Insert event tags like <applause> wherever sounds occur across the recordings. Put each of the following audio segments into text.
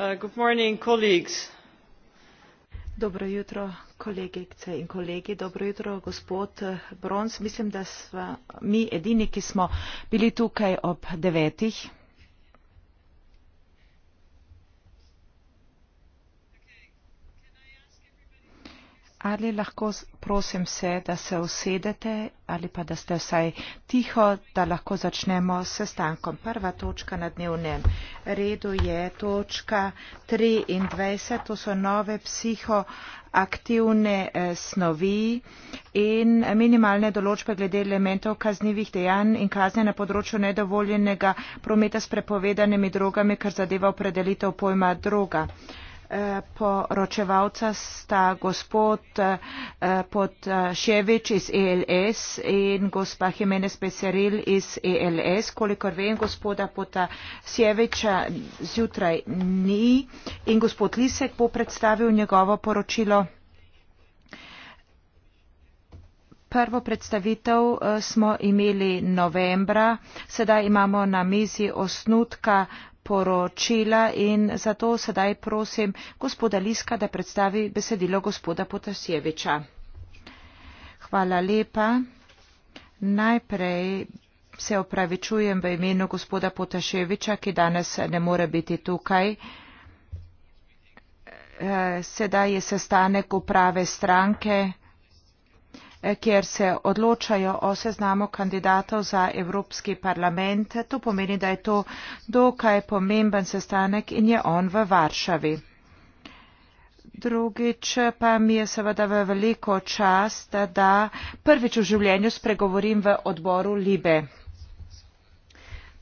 Uh, dobro jutro kolegice in kolegi dobro jutro gospod eh, brons mislim da sva mi edini ki smo bili tukaj ob devetih ali lahko prosim se, da se usedete ali pa da ste vsaj tiho, da lahko začnemo s sestankom. Prva točka na dnevnem redu je točka 23, to so nove psihoaktivne eh, snovi in minimalne določbe glede elementov kaznivih dejanj in kazne na področju nedovoljenega prometa s prepovedanimi drogami, kar zadeva opredelitev pojma droga poročevalca sta gospod eh, Podševič eh, iz ELS in gospa Jimenez Peseril iz ELS. Kolikor vem, gospoda Podševiča zjutraj ni in gospod Lisek bo predstavil njegovo poročilo. Prvo predstavitev eh, smo imeli novembra, sedaj imamo na mizi osnutka poročila in zato sedaj prosim gospoda Liska, da predstavi besedilo gospoda Potasjeviča. Hvala lepa. Najprej se opravičujem v imenu gospoda Potaševiča, ki danes ne more biti tukaj. Eh, sedaj je sestanek uprave stranke kjer se odločajo o seznamu kandidatov za Evropski parlament. To pomeni, da je to dokaj pomemben sestanek in je on v Varšavi. Drugič pa mi je seveda v veliko čast, da prvič v življenju spregovorim v odboru Libe.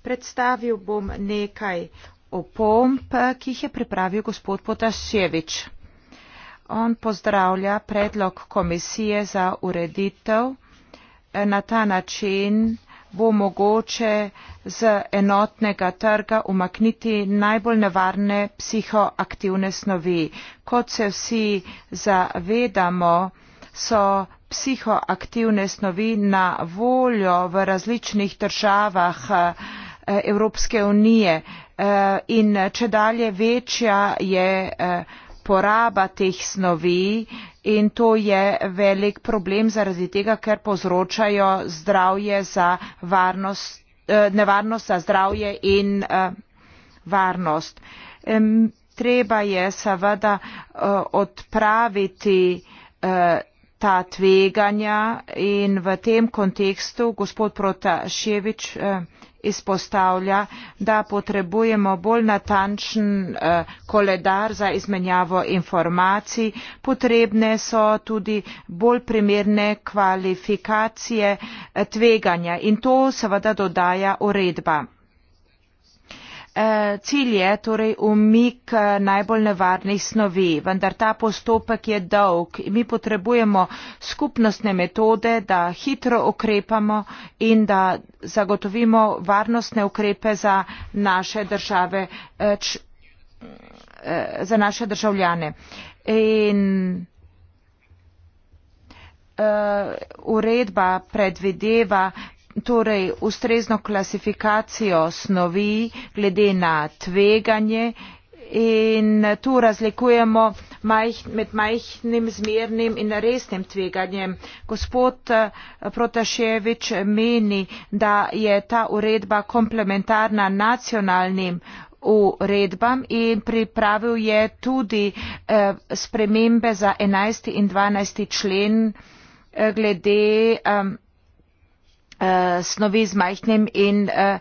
Predstavil bom nekaj opomp, ki jih je pripravil gospod Potasjevič on pozdravlja predlog komisije za ureditev na ta način bo mogoče z enotnega trga umakniti najbolj nevarne psihoaktivne snovi. Kot se vsi zavedamo, so psihoaktivne snovi na voljo v različnih državah eh, Evropske unije eh, in če dalje večja je eh, poraba teh snovi in to je velik problem zaradi tega, ker povzročajo zdravje za varnost, eh, nevarnost za zdravje in eh, varnost. Treba je seveda eh, odpraviti ta tveganja in v tem kontekstu gospod Protaševič izpostavlja, da potrebujemo bolj natančen eh, koledar za izmenjavo informacij, potrebne so tudi bolj primerne kvalifikacije eh, tveganja in to seveda dodaja uredba. Eh, cilj je torej umik eh, najbolj nevarnih snovi vendar ta postopek je dolg in mi potrebujemo skupnostne metode da hitro ukrepamo in da zagotovimo varnostne ukrepe za naše države eh, za naše državljane in uredba predvideva torej ustrezno klasifikacijo snovi glede na tveganje in tu razlikujemo majh, med majhnim, zmernim in resnim tveganjem. Gospod eh, Protaševič meni, da je ta uredba komplementarna nacionalnim uredbam in pripravil je tudi eh, spremembe za 11. in 12. člen eh, glede eh, uh, snovi z majhnim in uh,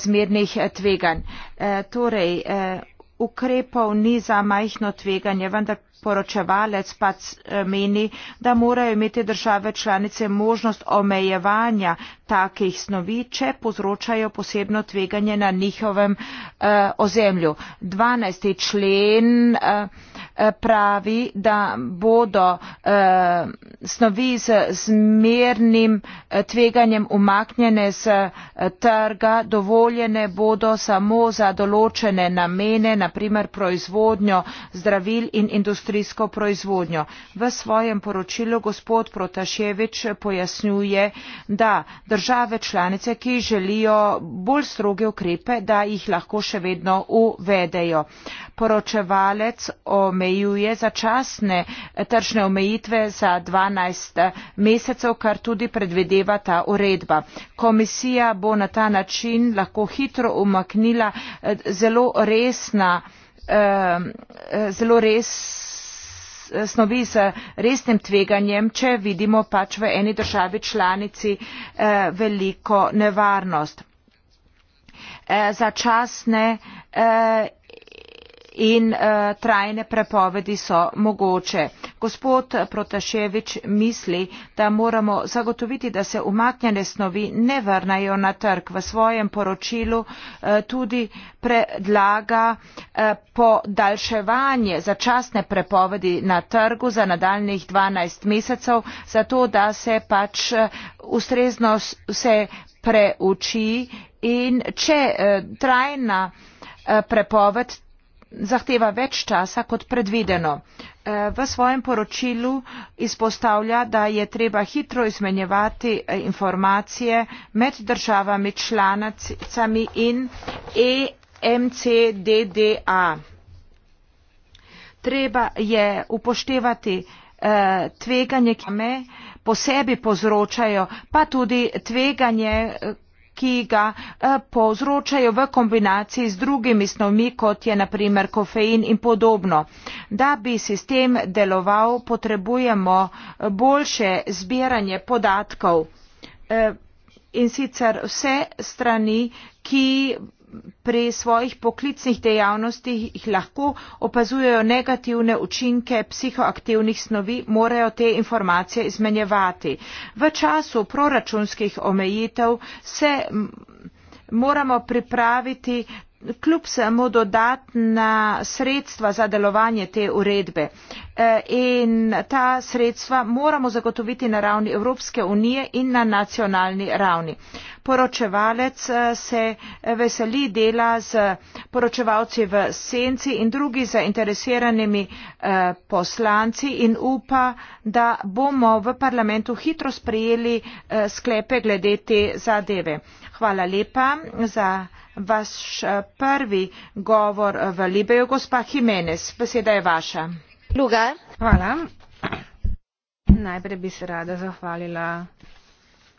zmernih tveganj. Uh, torej, uh, ukrepov ni za majhno tveganje, vendar poročevalec pač meni, da morajo imeti države članice možnost omejevanja takih snovi, če povzročajo posebno tveganje na njihovem eh, ozemlju. 12. člen eh, pravi, da bodo eh, snovi z zmernim eh, tveganjem umaknjene z eh, trga, dovoljene bodo samo za določene namene, naprimer proizvodnjo zdravil in industrijo industrijsko proizvodnjo. V svojem poročilu gospod Protaševič pojasnjuje, da države članice, ki želijo bolj stroge ukrepe, da jih lahko še vedno uvedejo. Poročevalec omejuje začasne tržne omejitve za 12 mesecev, kar tudi predvideva ta uredba. Komisija bo na ta način lahko hitro umaknila eh, zelo resna, eh, zelo res snovi z resnim tveganjem če vidimo pač v eni državi članici eh, veliko nevarnost eh, začasne eh, in eh, trajne prepovedi so mogoče. gospod protasevič misli da moramo zagotoviti da se umaknjene snovi ne vrnejo na trg v svojem poročilu eh, tudi predlaga eh, podaljševanje začasne prepovedi na trgu za nadaljnjih dvanajst mesecev zato da se pač ustrezno vse preuči in če trajna prepoved zahteva več časa kot predvideno. Eh, v svojem poročilu izpostavlja, da je treba hitro izmenjevati eh, informacije med državami članicami in EMCDDA. Treba je upoštevati eh, tveganje, ki me posebej povzročajo, pa tudi tveganje, ki ga eh, povzročajo v kombinaciji z drugimi snovmi kot je na primer kofein in podobno. Da bi sistem deloval, potrebujemo eh, boljše zbiranje podatkov eh, in sicer vse strani, ki pri svojih poklicnih dejavnostih jih lahko opazujejo negativne učinke psihoaktivnih snovi, morajo te informacije izmenjevati. V času proračunskih omejitev se moramo pripraviti kljub vsemu dodatna sredstva za delovanje te uredbe e, in ta sredstva moramo zagotoviti na ravni Evropske unije in na nacionalni ravni. Poročevalec e, se veseli dela z poročevalci v senci in drugi zainteresiranimi e, poslanci in upa, da bomo v parlamentu hitro sprejeli sklepe glede te zadeve. Hvala lepa za vaš eh, prvi govor eh, v libiji gospa jimenez beseda je vaša Luga. hvala najprej bi se rada zahvalila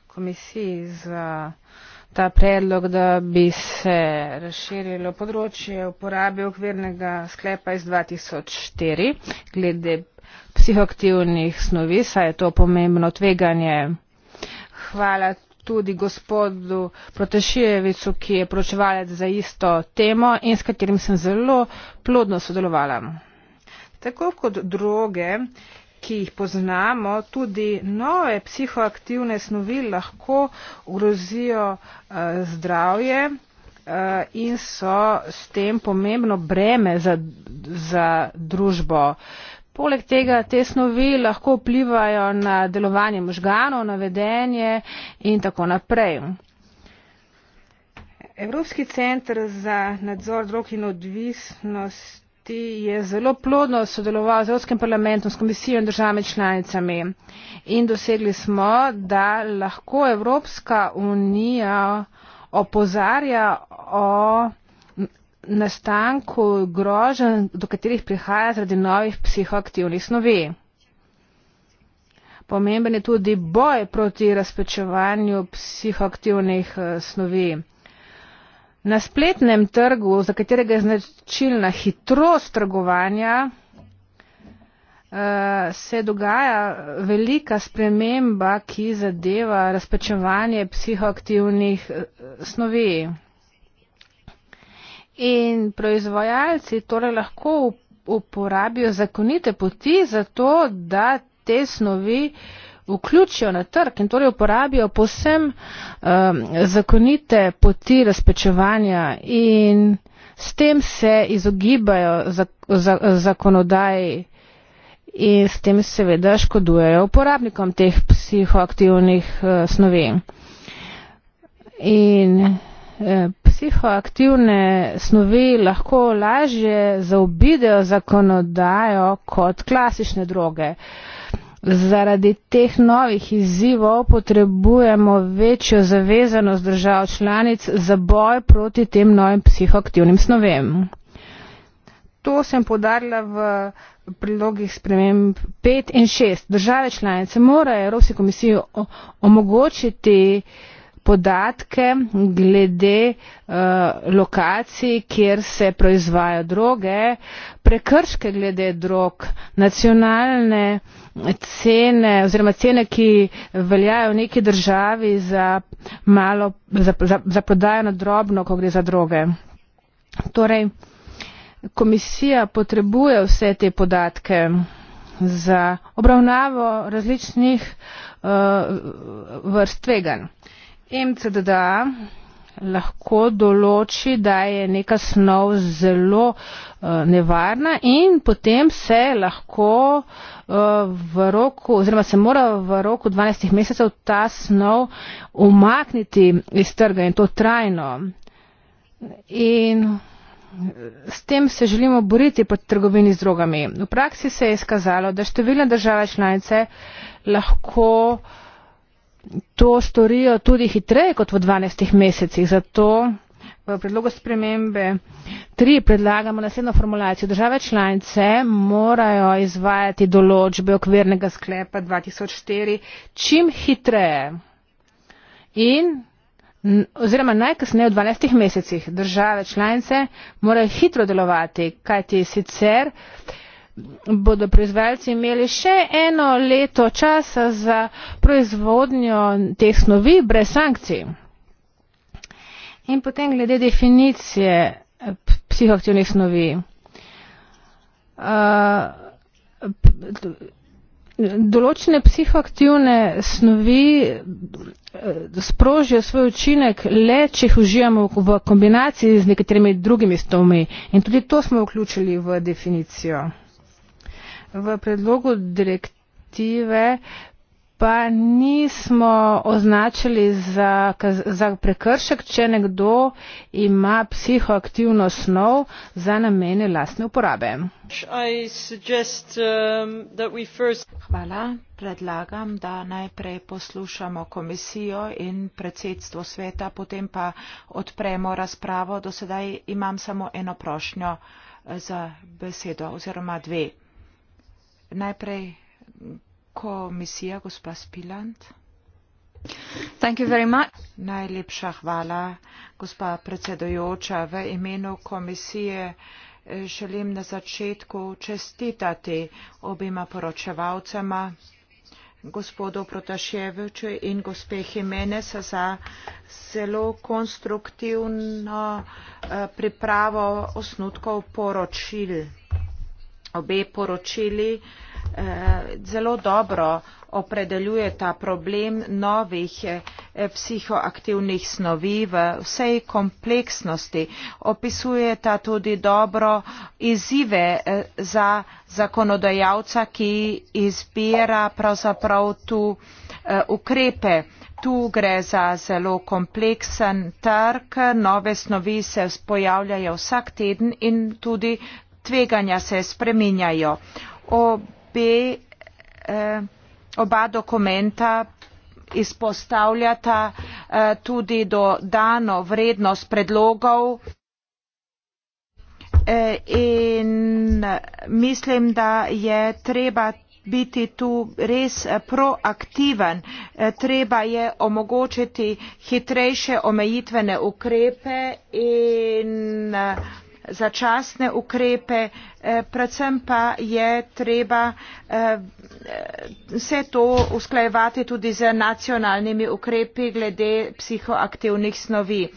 komisiji za eh, ta predlog da bi se razširilo področje uporabe okvirnega sklepa iz 2004 glede psihoaktivnih snovi saj je to pomembno tveganje hvala tudi gospodu Proteševicu, ki je pročevalec za isto temo in s katerim sem zelo plodno sodelovala. Tako kot droge, ki jih poznamo, tudi nove psihoaktivne snovi lahko ogrozijo uh, eh, zdravje uh, in so s tem pomembno breme za, za družbo. Poleg tega te snovi lahko vplivajo na delovanje možganov, na vedenje in tako naprej. Evropski centr za nadzor drog in odvisnosti je zelo plodno sodeloval z Evropskim parlamentom, s komisijo in državami članicami in dosegli smo, da lahko Evropska unija opozarja o nastanku grožen, do katerih prihaja zaradi novih psihoaktivnih snovi. Pomemben je tudi boj proti razpečevanju psihoaktivnih eh, snovi. Na spletnem trgu, za katerega je značilna hitrost trgovanja, eh, se dogaja velika sprememba, ki zadeva razpečevanje psihoaktivnih eh, snovi in proizvajalci torej lahko uporabijo zakonite poti za to, da te snovi vključijo na trg in torej uporabijo posem um, zakonite poti razpečevanja in s tem se izogibajo za, za, zakonodaji in s tem seveda škodujejo uporabnikom teh psihoaktivnih uh, snovi. In Eh, psihoaktivne snovi lahko lažje zaobidejo zakonodajo kot klasične droge. Zaradi teh novih izzivov potrebujemo večjo zavezanost držav članic za boj proti tem novim psihoaktivnim snovem. To sem podarila v prilogih sprememb 5 in 6. Države članice morajo Evropski komisiji omogočiti podatke glede uh, lokacij, kjer se proizvajajo droge, prekrške glede drog, nacionalne cene oziroma cene, ki veljajo v neki državi za, malo, za, za, za prodajo na drobno, ko gre za droge. Torej, komisija potrebuje vse te podatke za obravnavo različnih uh, vrst tveganj mcdda lahko določi, da je neka snov zelo eh, nevarna in potem se lahko eh, v roku, oziroma se mora v roku 12 mesecev ta snov umakniti iz trga in to trajno. In eh, s tem se želimo boriti pod trgovini z drogami. V praksi se je izkazalo, da številne države članice lahko uh, to storijo tudi hitreje kot v dvanajstih mesecih. Zato v predlogu spremembe tri predlagamo naslednjo formulacijo. Države članice morajo izvajati določbe okvirnega sklepa 2004 čim hitreje in oziroma najkasneje v dvanajstih mesecih države članice morajo hitro delovati, kajti sicer. Uh, bodo proizvajalci imeli še eno leto časa za proizvodnjo teh snovi brez sankcij. In potem glede definicije eh, psihoaktivnih snovi. Eh, določene psihoaktivne snovi eh, sprožijo svoj učinek le, če jih užijamo v kombinaciji z nekaterimi drugimi snovmi. In tudi to smo vključili v definicijo v predlogu direktive pa nismo označili za, za prekršek, če nekdo ima psihoaktivno snov za namene lastne uporabe. Suggest, um, first... Hvala. Predlagam, da najprej poslušamo komisijo in predsedstvo sveta, potem pa odpremo razpravo. Do sedaj imam samo eno prošnjo eh, za besedo oziroma dve. Najprej komisija, gospa Spiland. Najlepša hvala, gospa predsedojoča. V imenu komisije eh, želim na začetku čestitati obima poročevalcema, gospodu Protaševiču in gospe Jimenez za zelo konstruktivno eh, pripravo osnutkov poročil obe poročili eh, zelo dobro opredeljuje ta problem novih eh, psihoaktivnih snovi v vsej kompleksnosti. Opisuje ta tudi dobro izzive eh, za zakonodajalca, ki izbira pravzaprav tu ukrepe. Tu gre za zelo kompleksen trg, nove snovi se pojavljajo vsak teden in tudi tveganja se spreminjajo. Obe, eh, oba dokumenta izpostavljata eh, tudi dodano vrednost predlogov eh, in mislim, da je treba biti tu res eh, proaktiven. Eh, treba je omogočiti hitrejše omejitvene ukrepe in uh, začasne ukrepe eh, predvsem pa je treba eh, vse to usklajevati tudi z nacionalnimi ukrepi glede psihoaktivnih snovi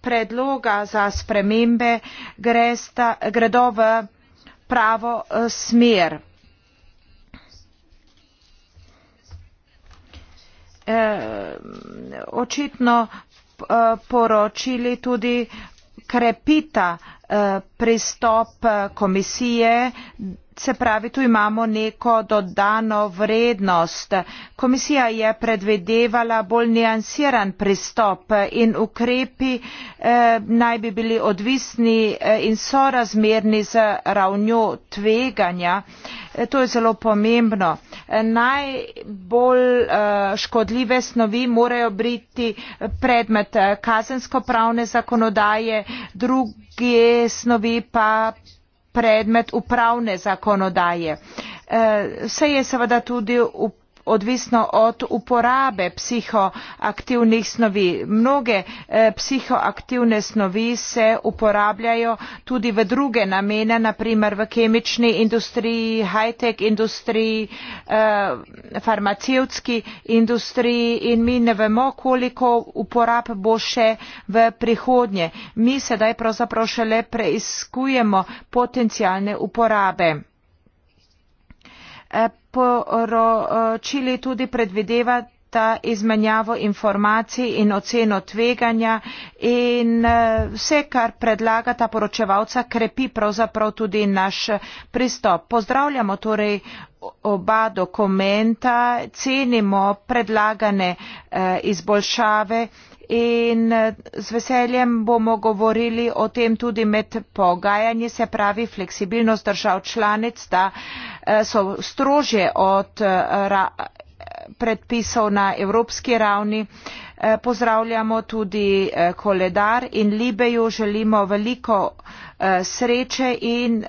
predloga za spremembe gresta, gredo v pravo eh, smer očitno poročili tudi krepita eh, pristop eh, komisije se pravi tu imamo neko dodano vrednost. Komisija je predvidevala bolj nijansiran pristop in ukrepi eh, naj bi bili odvisni eh, in sorazmerni z ravnjo tveganja. Eh, to je zelo pomembno. Eh, najbolj škodljive snovi morajo biti predmet kazensko-pravne zakonodaje, druge snovi pa predmet upravne zakonodaje. Eh, odvisno od uporabe psihoaktivnih snovi. mnoge eh, psihoaktivne snovi se uporabljajo tudi v druge namene naprimer v kemični industriji high tech industriji eh, farmacevtski industriji in mi ne vemo koliko uporab bo še v prihodnje. mi sedaj pravzaprav šele preiskujemo potencialne uporabe poročili tudi predvideva ta izmenjavo informacij in oceno tveganja in eh, vse kar predlagata poročevalca krepi pravzaprav tudi naš eh, pristop. Pozdravljamo torej oba dokumenta, cenimo predlagane eh, izboljšave in z veseljem bomo govorili o tem tudi med pogajanji, se pravi fleksibilnost držav članic, da so strožje od predpisov na evropski ravni. Eh, pozdravljamo tudi eh, koledar in Libeju želimo veliko eh, sreče in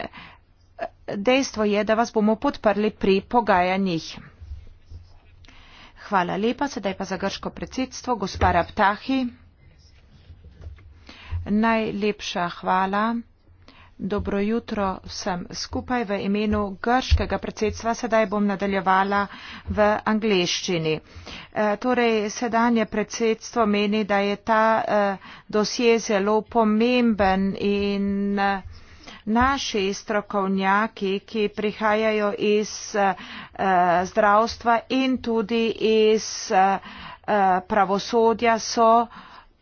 dejstvo je, da vas bomo podprli pri pogajanjih. Hvala lepa, sedaj pa za grško predsedstvo, gospara Ptahi. Najlepša hvala. Dobro jutro vsem skupaj v imenu grškega predsedstva. Sedaj bom nadaljevala v angleščini. E, torej, sedanje predsedstvo meni, da je ta e, dosje zelo pomemben in e, naši strokovnjaki, ki prihajajo iz e, zdravstva in tudi iz e, pravosodja, so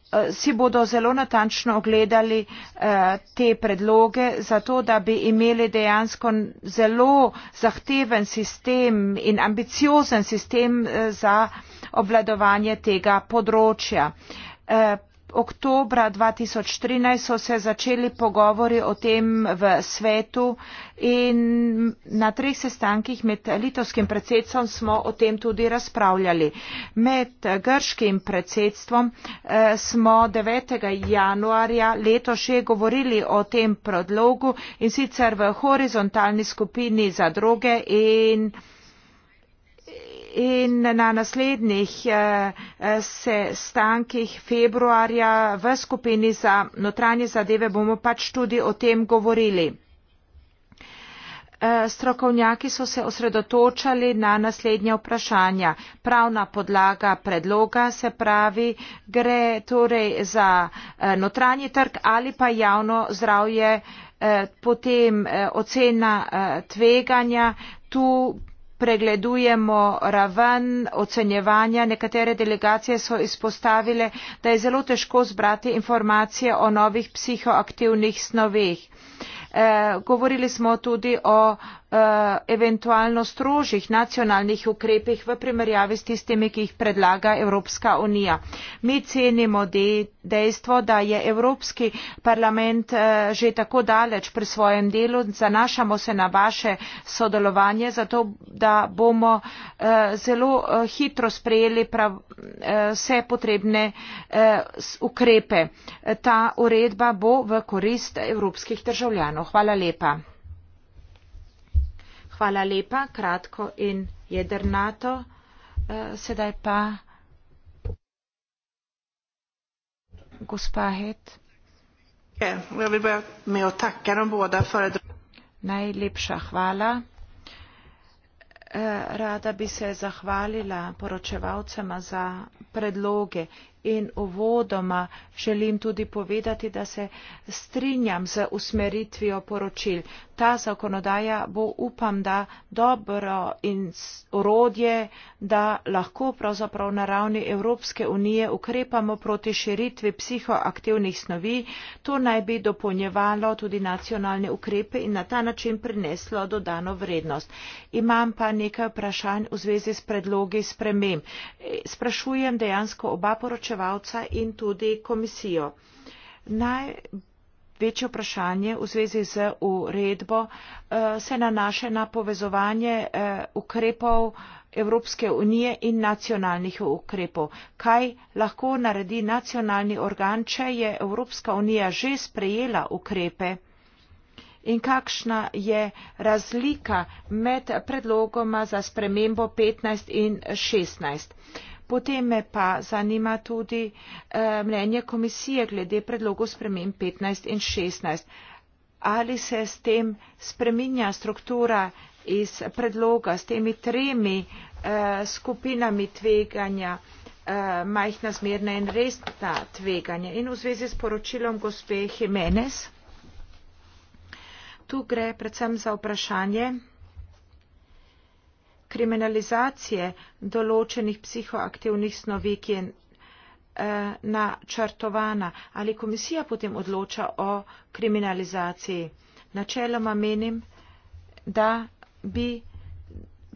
Eh, si bodo zelo natančno ogledali eh, te predloge, zato da bi imeli dejansko zelo zahteven sistem in ambiciozen sistem eh, za obvladovanje tega področja oktobra 2013 so se začeli pogovori o tem v svetu in na treh sestankih med litovskim predsedstvom smo o tem tudi razpravljali. Med grškim predsedstvom eh, smo 9. januarja leto še govorili o tem predlogu in sicer v horizontalni skupini za droge in in na naslednjih eh, eh, sestankih februarja v skupini za notranje zadeve bomo pač tudi o tem govorili. Eh, strokovnjaki so se osredotočali na naslednje vprašanja. Pravna podlaga predloga se pravi, gre torej za notranji trg ali pa javno zdravje, potem ocena tveganja. Tu pregledujemo raven ocenjevanja nekatere delegacije so izpostavile da je zelo težko zbrati informacije o novih psihoaktivnih snoveh. Eh, govorili smo tudi o Eh, eventualno strožjih nacionalnih ukrepih v primerjavi s tistimi, ki jih predlaga Evropska unija. Mi cenimo de, dejstvo, da je Evropski parlament eh, že tako daleč pri svojem delu, zanašamo se na vaše sodelovanje, zato da bomo eh, zelo hitro sprejeli prav, vse potrebne ukrepe. Ta uredba bo v korist evropskih državljanov. Hvala lepa. Hvala lepa, kratko in jedrnato. Eh, sedaj pa gospa Het. Eh, Najlepša hvala. Eh, rada bi se zahvalila poročevalcema za predloge in uvodoma želim tudi povedati, da se strinjam z usmeritvijo poročil. Ta zakonodaja bo upam, da dobro in urodje, da lahko pravzaprav na ravni Evropske unije ukrepamo proti širitvi psihoaktivnih snovi. To naj bi dopolnjevalo tudi nacionalne ukrepe in na ta način prineslo dodano vrednost. Imam pa nekaj vprašanj v zvezi s predlogi spremem. E, sprašujem dejansko oba poročila poročevalca in tudi komisijo. Največje vprašanje v zvezi z uredbo eh, se nanaše na povezovanje eh, ukrepov Evropske unije in nacionalnih ukrepov. Kaj lahko naredi nacionalni organ, če je Evropska unija že sprejela ukrepe? In kakšna je razlika med predlogoma za spremembo 15 in 16? Potem me pa zanima tudi eh, mnenje komisije glede predlogov spremem 15 in 16. Ali se s tem spreminja struktura iz predloga s temi tremi eh, skupinami tveganja, eh, majhna zmerna in resna tveganja in v zvezi s poročilom gospe Jimenez? Tu gre predvsem za vprašanje kriminalizacije določenih psihoaktivnih snovi, ki je eh, načrtovana. Ali komisija potem odloča o kriminalizaciji? Načeloma menim, da bi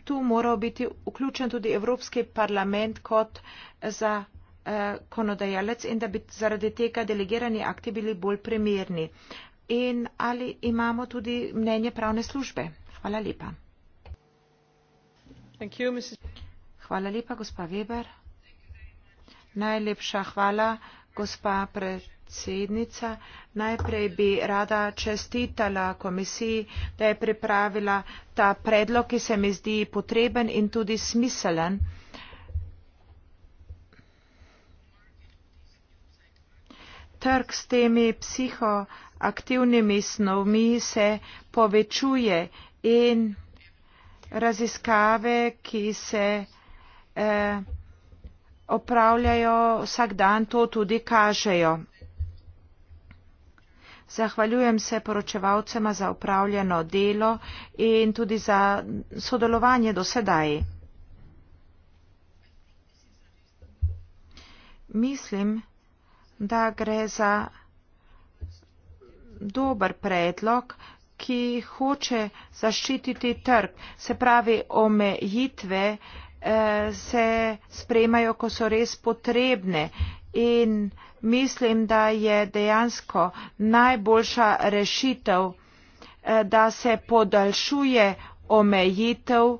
tu moral biti vključen tudi Evropski parlament kot eh, za eh, konodajalec in da bi zaradi tega delegirani akti bili bolj primerni. In ali imamo tudi mnenje pravne službe? Hvala lepa. Hvala lepa, gospa Weber. Najlepša hvala, gospa predsednica. Najprej bi rada čestitala komisiji, da je pripravila ta predlog, ki se mi zdi potreben in tudi smiselen. Trg s temi psihoaktivnimi snovmi se povečuje in raziskave, ki se eh, opravljajo vsak dan, to tudi kažejo. Zahvaljujem se poročevalcema za upravljeno delo in tudi za sodelovanje do sedaj. Mislim, da gre za dober predlog, ki hoče zaščititi trg. Se pravi, omejitve eh, se sprejmajo, ko so res potrebne in mislim, da je dejansko najboljša rešitev, eh, da se podaljšuje omejitev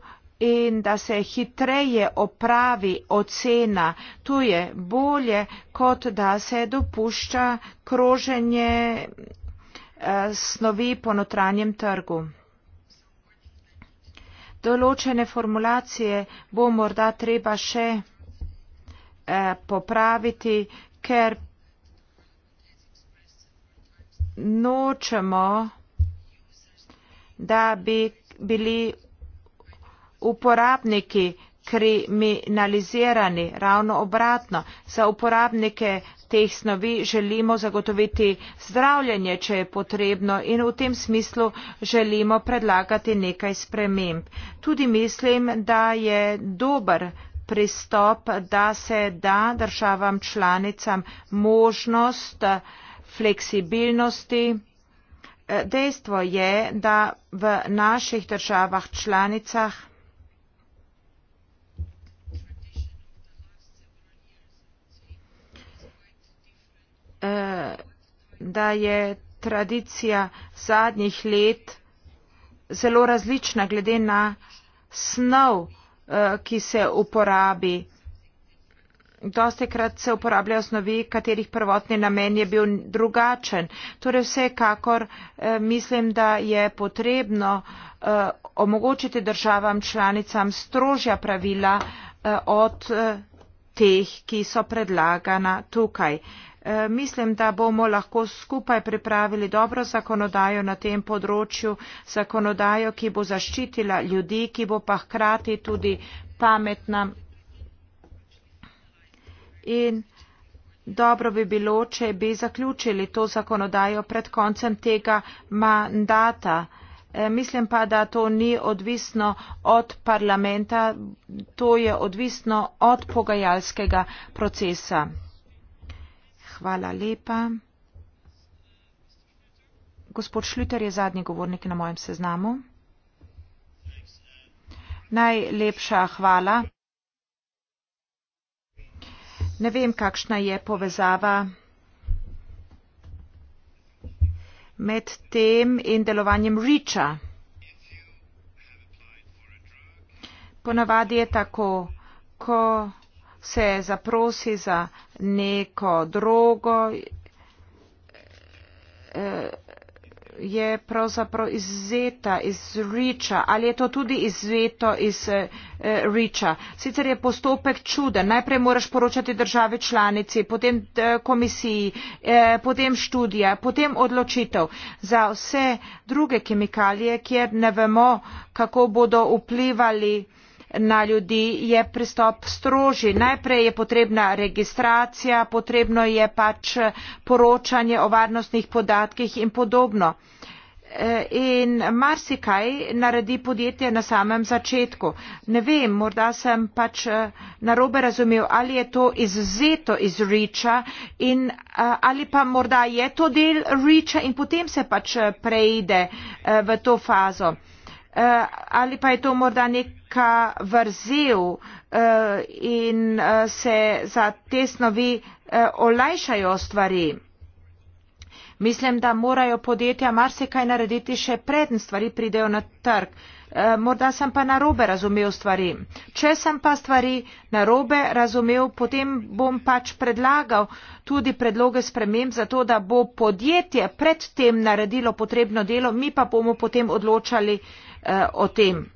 in da se hitreje opravi ocena. Tu je bolje, kot da se dopušča kroženje Eh, snovi po notranjem trgu. Določene formulacije bo morda treba še eh, popraviti, ker nočemo, da bi bili uporabniki kriminalizirani, ravno obratno. Za uporabnike teh snovi želimo zagotoviti zdravljenje če je potrebno in v tem smislu želimo predlagati nekaj sprememb. Tudi mislim, da je dober pristop, da se da državam članicam možnost eh, fleksibilnosti. Eh, dejstvo je, da v naših državah članicah Eh, da je tradicija zadnjih let zelo različna glede na snov, eh, ki se uporabi. Doste krat se uporabljajo snovi, katerih prvotni namen je bil drugačen. Torej vsekakor eh, mislim, da je potrebno omogočiti državam članicam strožja pravila od teh, ki so predlagana tukaj. E, mislim, da bomo lahko skupaj pripravili dobro zakonodajo na tem področju, zakonodajo, ki bo zaščitila ljudi, ki bo pa hkrati tudi pametna. In dobro bi bilo, če bi zaključili to zakonodajo pred koncem tega mandata. Eh, mislim pa da to ni odvisno od parlamenta to je odvisno od pogajalskega procesa hvala lepa gospod Šluter je zadnji govornik na mojem seznamu najlepša hvala ne vem kakšna je povezava med tem in delovanjem riča. Ponavadi je tako, ko se zaprosi za neko drogo, eh, je pravzaprav izzeta iz riča ali je to tudi izzeto iz eh, eh riča. Sicer je postopek čuden, najprej moraš poročati državi članici, potem eh, komisiji, eh, potem študija, potem odločitev za vse druge kemikalije, kjer ne vemo, kako bodo vplivali eh, na ljudi je pristop strožji. Najprej je potrebna registracija, potrebno je pač poročanje o varnostnih podatkih in podobno. E, in marsikaj naredi podjetje na samem začetku. Ne vem, morda sem pač e, narobe razumel, ali je to izzeto iz reča in e, ali pa morda je to del reča in potem se pač preide v to fazo. Eh, ali pa je to morda neka vrzel eh, in eh, se za te snovi olajšajo stvari. Mislim, da morajo podjetja marsikaj narediti še preden stvari pridejo na trg. Morda sem pa narobe razumel stvari. Če sem pa stvari narobe razumel, potem bom pač predlagal tudi predloge sprememb za to, da bo podjetje predtem naredilo potrebno delo, mi pa bomo potem odločali uh, o tem.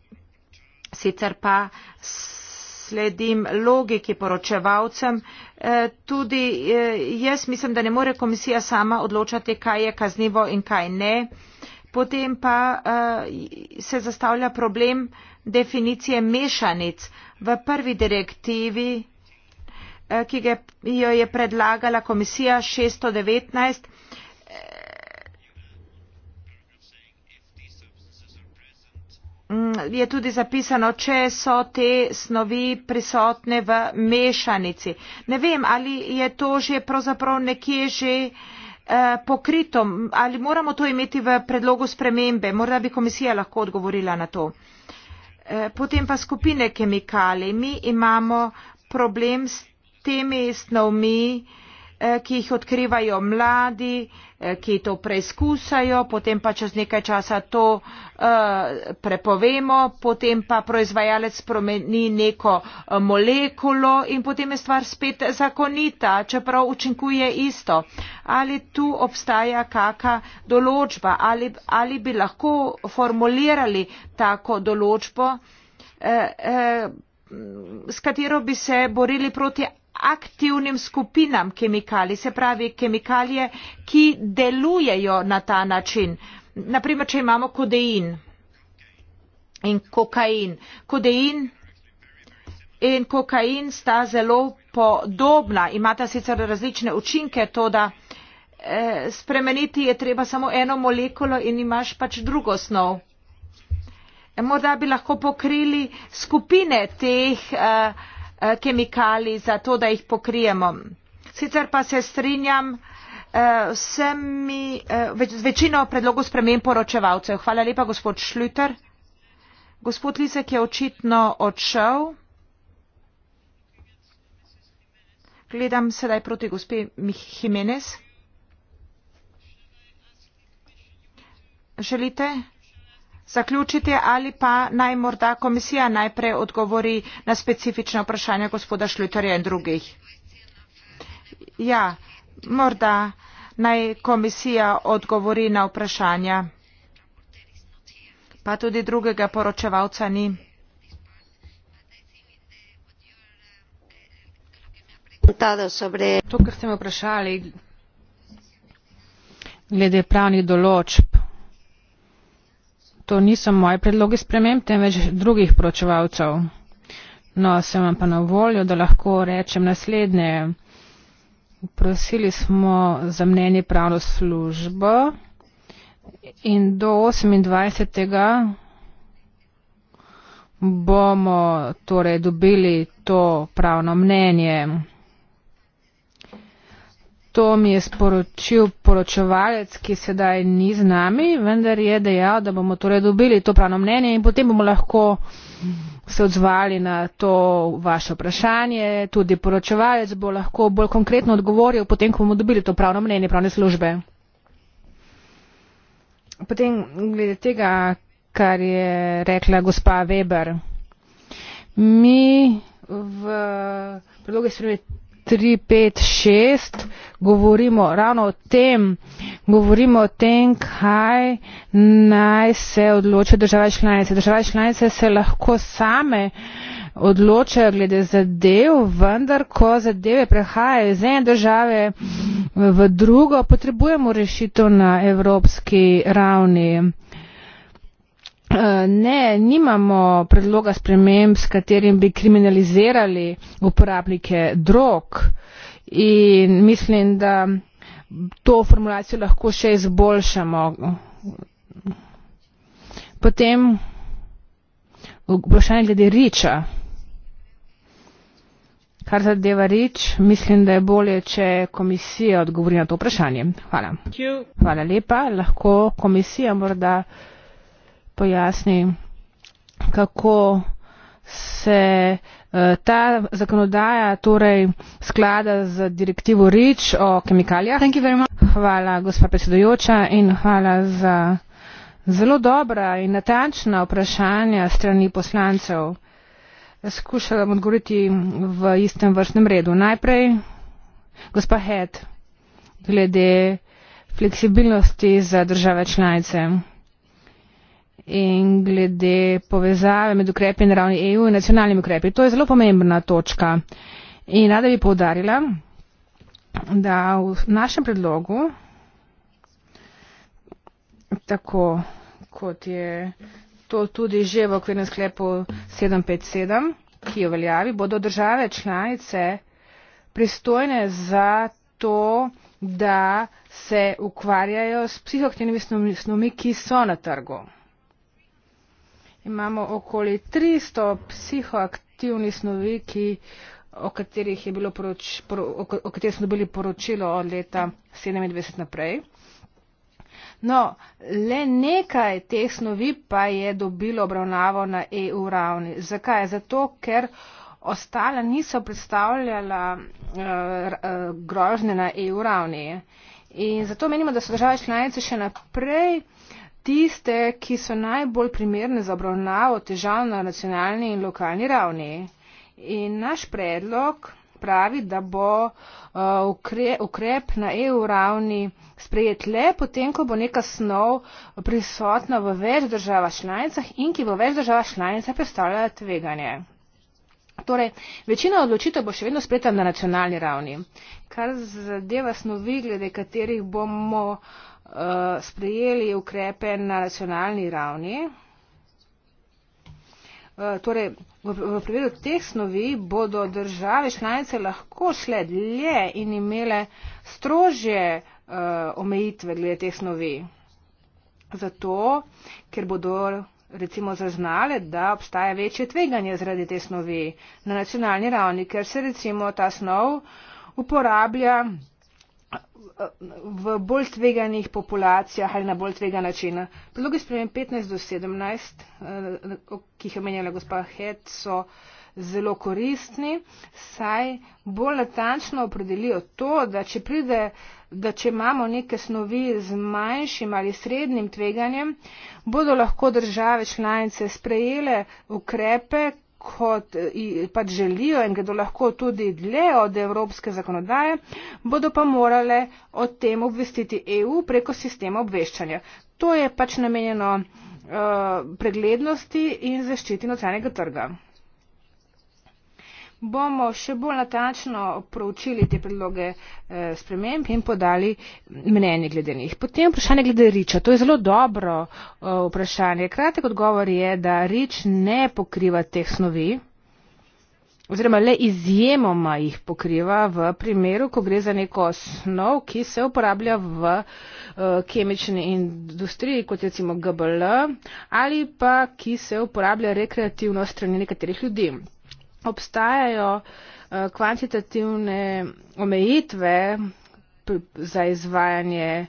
Sicer pa sledim logiki poročevalcem. E, tudi e, jaz mislim, da ne more komisija sama odločati, kaj je kaznivo in kaj ne. Potem pa e, se zastavlja problem definicije mešanic v prvi direktivi ki jo je predlagala komisija 619, Mm, je tudi zapisano, če so te snovi prisotne v mešanici. Ne vem, ali je to že pravzaprav nekje že eh, pokrito, ali moramo to imeti v predlogu spremembe. Morda bi komisija lahko odgovorila na to. Eh, potem pa skupine kemikalij. Mi imamo problem s temi snovmi eh, Eh, ki jih odkrivajo mladi, eh, ki to preizkusajo, potem pa čez nekaj časa to eh, prepovemo, potem pa proizvajalec spremeni neko molekulo in potem je stvar spet zakonita, čeprav učinkuje isto. Ali tu obstaja kakšna določba ali, ali bi lahko formulirali tako določbo, s katero bi se borili proti aktivnim skupinam kemikalij, se pravi kemikalije, ki delujejo na ta način. Naprimer, če imamo kodein in kokain. Kodein in kokain sta zelo podobna, imata sicer različne učinke, to da eh, spremeniti je treba samo eno molekulo in imaš pač drugo snov. Morda bi lahko pokrili skupine teh eh, Eh, kemikalij za to, da jih pokrijemo. Sicer pa se strinjam eh, vsemi, eh, več, z večino predlogov spremem poročevalcev. Hvala lepa, gospod Šluter. Gospod Lisek je očitno odšel. Gledam sedaj proti gospe Jimenez. Želite? zaključiti ali pa naj morda komisija najprej odgovori na specifično vprašanje gospoda Šlutarja in drugih. Ja, morda naj komisija odgovori na vprašanja, pa tudi drugega poročevalca ni. To, kar ste me vprašali, glede pravnih določb to niso moji predlogi sprememb, temveč drugih pročevalcev. No, sem vam pa na voljo, da lahko rečem naslednje. Prosili smo za mnenje pravno službo in do 28. bomo torej dobili to pravno mnenje. To mi je sporočil poročevalec, ki sedaj ni z nami, vendar je dejal, da bomo torej dobili to pravno mnenje in potem bomo lahko se odzvali na to vaše vprašanje. Tudi poročevalec bo lahko bolj konkretno odgovoril, potem, ko bomo dobili to pravno mnenje pravne službe. Potem, glede tega, kar je rekla gospa Weber. Mi v predlogu spremembe tri, pet, šest, govorimo ravno o tem, govorimo o tem, kaj naj se odloči država članice. Država članice se lahko same odločajo glede zadev, vendar ko zadeve prehajajo iz ene države v drugo, potrebujemo rešitev na evropski ravni. Eh, ne, nimamo predloga sprememb, s katerim bi kriminalizirali uporabnike drog in mislim, da to formulacijo lahko še izboljšamo. Potem vprašanje glede riča. Kar zadeva rič, mislim, da je bolje, če komisija odgovori na to vprašanje. Hvala. Hvala lepa. Lahko komisija morda pojasni, kako se eh, ta zakonodaja torej sklada z direktivo REACH o kemikalijah. Hvala, gospa predsedujoča, in hvala za zelo dobra in natančna vprašanja strani poslancev. Skušam odgovoriti v istem vrstnem redu. Najprej, gospa Het, glede fleksibilnosti za države članice in glede povezave med ukrepi na ravni EU in nacionalnimi ukrepi. To je zelo pomembna točka. In rada bi povdarila, da v našem predlogu, tako kot je to tudi že v okvirnem sklepu 757, ki je veljavi, bodo države članice pristojne za to, da se ukvarjajo s psihoaktivnimi snovmi, ki so na trgu imamo okoli 300 psihoaktivnih snovi, ki, o, katerih poroč, pro, o, o katerih smo dobili poročilo od leta 1927 naprej. No, le nekaj teh snovi pa je dobilo obravnavo na EU ravni. Zakaj? Zato, ker ostale niso predstavljala uh, eh, uh, eh, grožne na EU ravni. In zato menimo, da so države članice še naprej tiste, ki so najbolj primerne za obravnavo težav na nacionalni in lokalni ravni. In naš predlog pravi, da bo uh, ukrep, ukrep na EU ravni sprejet le potem, ko bo neka snov prisotna v več država članicah in ki bo več država članica predstavljala tveganje. Torej, večina odločitev bo še vedno spreta na nacionalni ravni, kar zadeva snovi, glede katerih bomo uh, Eh, sprejeli ukrepe na racionalni ravni. Eh, torej, v primeru teh snovi bodo države članice lahko šle dlje in imele strožje eh, omejitve glede teh snovi. Zato, ker bodo recimo zaznale, da obstaja večje tveganje zaradi te snovi na nacionalni ravni, ker se recimo ta snov uporablja v bolj tveganih populacijah ali na bolj tvega načina. Predlogi spremem 15 do 17, eh, ki jih je menjala gospa Het, so zelo koristni, saj bolj natančno opredelijo to, da če pride, da če imamo neke snovi z manjšim ali srednjim tveganjem, bodo lahko države članice sprejele ukrepe, kot eh, pač želijo in gredo lahko tudi dlje od evropske zakonodaje, bodo pa morale o tem obvestiti EU preko sistema obveščanja. To je pač namenjeno uh, preglednosti in zaščiti notranjega trga bomo še bolj natančno proučili te predloge eh, sprememb in podali mnenje glede njih. Potem vprašanje glede Riča. To je zelo dobro eh, vprašanje. Kratek odgovor je, da Rič ne pokriva teh snovi oziroma le izjemoma jih pokriva v primeru, ko gre za neko snov, ki se uporablja v uh, kemični industriji, kot je recimo GBL, ali pa ki se uporablja rekreativno strani nekaterih ljudi obstajajo eh, kvantitativne omejitve za izvajanje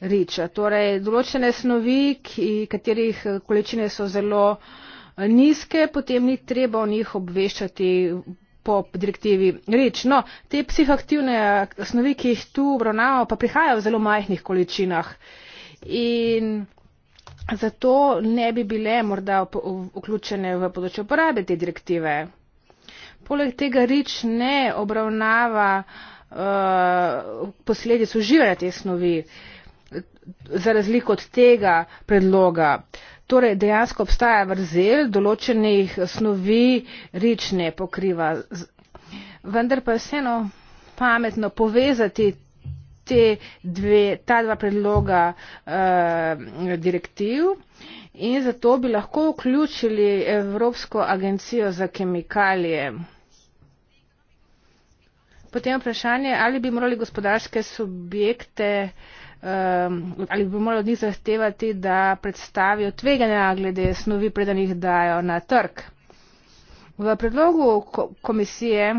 riča. Torej, določene snovi, ki, katerih količine so zelo eh, nizke, potem ni treba o njih obveščati po direktivi rič. No, te psihoaktivne eh, snovi, ki jih tu obravnavamo, pa prihajajo v zelo majhnih količinah. In zato ne bi bile morda vključene v področje uporabe te direktive. Poleg tega rič ne obravnava uh, posledic uživanja te snovi, za razliko od tega predloga. Torej, dejansko obstaja vrzel, določenih snovi rič ne pokriva. Vendar pa je vseeno pametno povezati te dve, ta dva predloga uh, direktiv. In zato bi lahko vključili Evropsko agencijo za kemikalije. Potem vprašanje, ali bi morali gospodarske subjekte, um, ali bi morali od njih zahtevati, da predstavijo tveganja glede snovi, preden jih dajo na trg. V predlogu komisije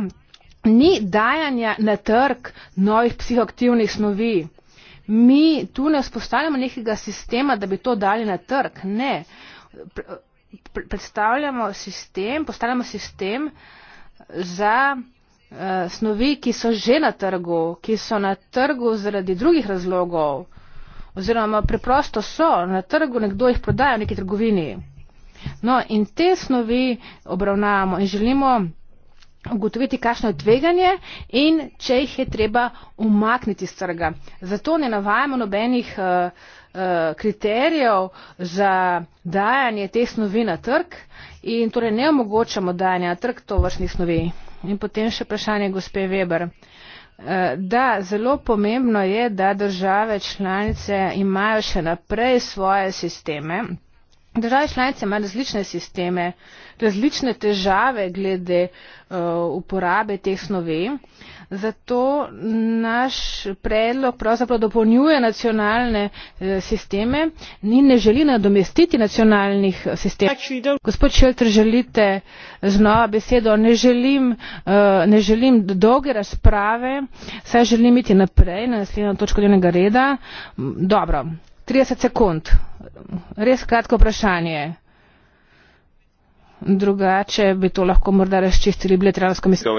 ni dajanja na trg novih psihoaktivnih snovi. Mi tu ne vzpostavljamo nekega sistema, da bi to dali na trg. Ne. Predstavljamo sistem, postavljamo sistem za Eh, snovi, ki so že na trgu, ki so na trgu zaradi drugih razlogov, oziroma preprosto so na trgu, nekdo jih prodaja v neki trgovini. No, in te snovi obravnavamo in želimo ugotoviti, kakšno je tveganje in če jih je treba umakniti z trga. Zato ne navajamo nobenih uh, uh, kriterijev za dajanje te snovi na trg in torej ne omogočamo dajanja na trg to vrstnih snovi. In potem še vprašanje gospe Weber. Eh, da, zelo pomembno je, da države članice imajo še naprej svoje sisteme. Države članice imajo različne sisteme, različne težave glede uh, uporabe teh snovej. Uh, Zato naš predlog pravzaprav dopolnjuje nacionalne eh, sisteme in ne želi nadomestiti nacionalnih eh, sistemov. Gospod Šelter, želite eh, znova besedo? Ne želim, ne želim dolge razprave, saj želim iti naprej na naslednjo točko dnevnega reda. Dobro, 30 sekund. Res kratko vprašanje drugače bi to lahko morda razčistili bilateralsko misijo.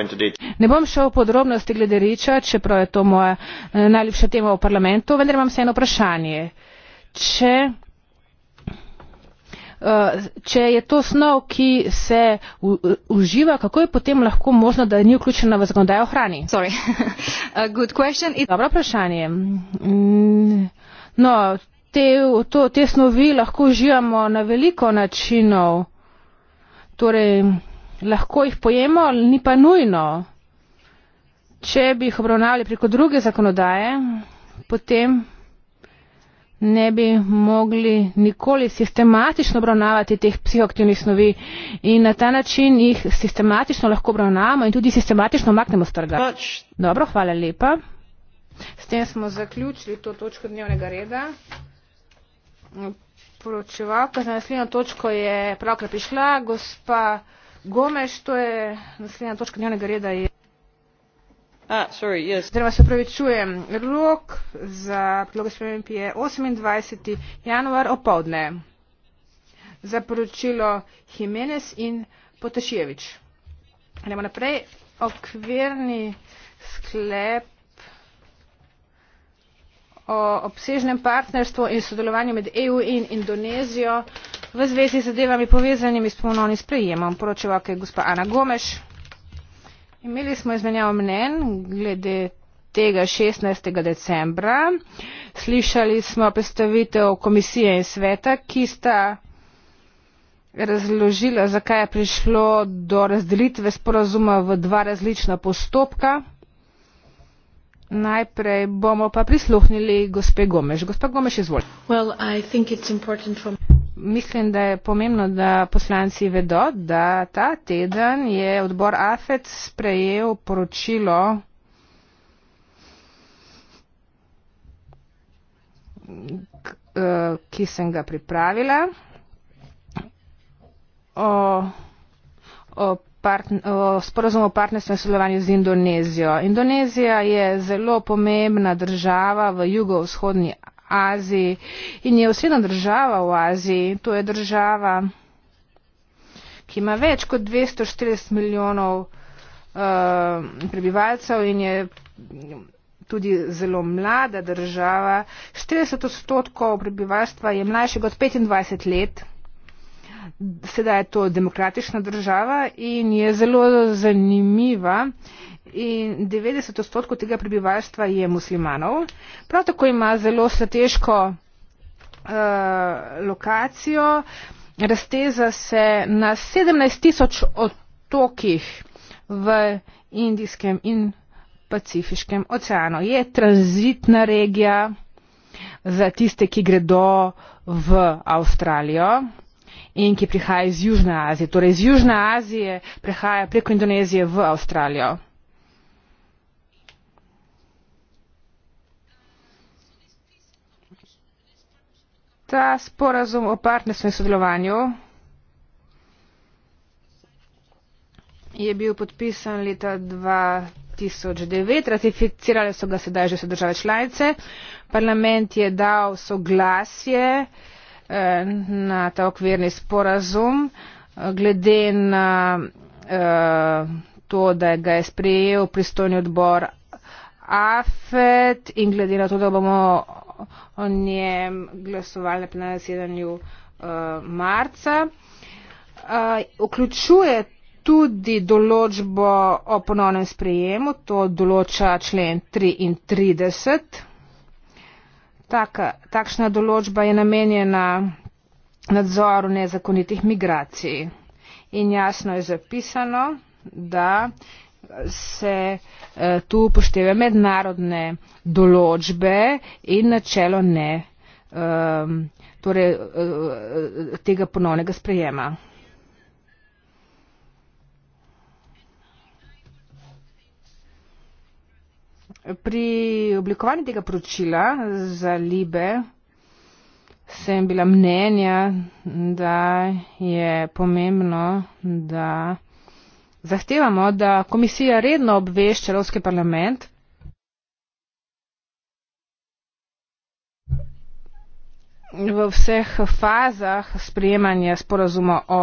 Ne bom šel v podrobnosti glede Riča, čeprav je to moja eh, najljubša tema v parlamentu, vendar imam vseeno vprašanje. Če, eh, če je to snov, ki se eh, uživa, kako je potem lahko možno, da ni vključena v zakonodajo hrani? <laughs> Dobro vprašanje. Mm, no, te, to, te snovi lahko uživamo na veliko načinov. Torej, lahko jih pojemo, ni pa nujno. Če bi jih obravnavali preko druge zakonodaje, potem ne bi mogli nikoli sistematično obravnavati teh psihoaktivnih snovi in na ta način jih sistematično lahko obravnavamo in tudi sistematično maknemo s trga. Dobro, hvala lepa. S tem smo zaključili to točko dnevnega reda poročevalka. Za naslednjo točko je pravkar prišla gospa Gomeš, to je naslednja točka njenega reda. Je... Ah, sorry, yes. Zdaj se opravičujem. Rok za prilogo spremembe je 28. januar opovdne. Za poročilo Jimenez in Potešjevič. Gremo naprej. Okvirni sklep o obsežnem partnerstvu in sodelovanju med EU in Indonezijo v zvezi z zadevami povezanimi s ponovnim sprejemom. Poročeva, kaj je gospa Ana Gomeš. Imeli smo izmenjavo mnen glede tega 16. decembra. Slišali smo predstavitev komisije in sveta, ki sta razložila, zakaj je prišlo do razdelitve sporazuma v dva različna postopka. Najprej bomo pa prisluhnili gospe Gomeš. Gospa Gomeš, izvolite. Well, Mislim, da je pomembno, da poslanci vedo, da ta teden je odbor AFEC sprejel poročilo eh, ki sem ga pripravila o, o sporozum o partnerstvu in sodelovanju z Indonezijo. Indonezija je zelo pomembna država v jugovzhodni Aziji in je osrednja država v Aziji. To je država, ki ima več kot 240 milijonov uh, prebivalcev in je tudi zelo mlada država. 40 odstotkov prebivalstva je mlajšega od 25 let sedaj je to demokratična država in je zelo zanimiva. In 90 odstotkov tega prebivalstva je muslimanov. Prav tako ima zelo strateško uh, lokacijo, razteza se na 17 tisoč otokih v Indijskem in Pacifiškem oceanu. Je tranzitna regija za tiste, ki gredo v Avstralijo in ki prihaja iz Južne Azije. Torej iz Južne Azije prihaja preko Indonezije v Avstralijo. Ta sporazum o partnerstvu in sodelovanju je bil podpisan leta 2009, ratificirale so ga sedaj že so države članice. Parlament je dal soglasje Eh, na ta okvirni sporazum, eh, glede na eh, to, da ga je sprejel pristojni odbor AFET in glede na to, da bomo o njem glasovali na plenarnem zasedanju marca. Vključuje tudi določbo o ponovnem sprejemu, to določa člen 33 taka, takšna določba je namenjena nadzoru nezakonitih migracij. In jasno je zapisano, da se eh, tu upošteve mednarodne določbe in načelo ne, ehm, torej, eh, eh, tega ponovnega sprejema. Pri oblikovanju tega poročila za Libe sem bila mnenja, da je pomembno, da zahtevamo, da komisija redno obvešča Evropski parlament v vseh fazah sprejemanja sporazuma o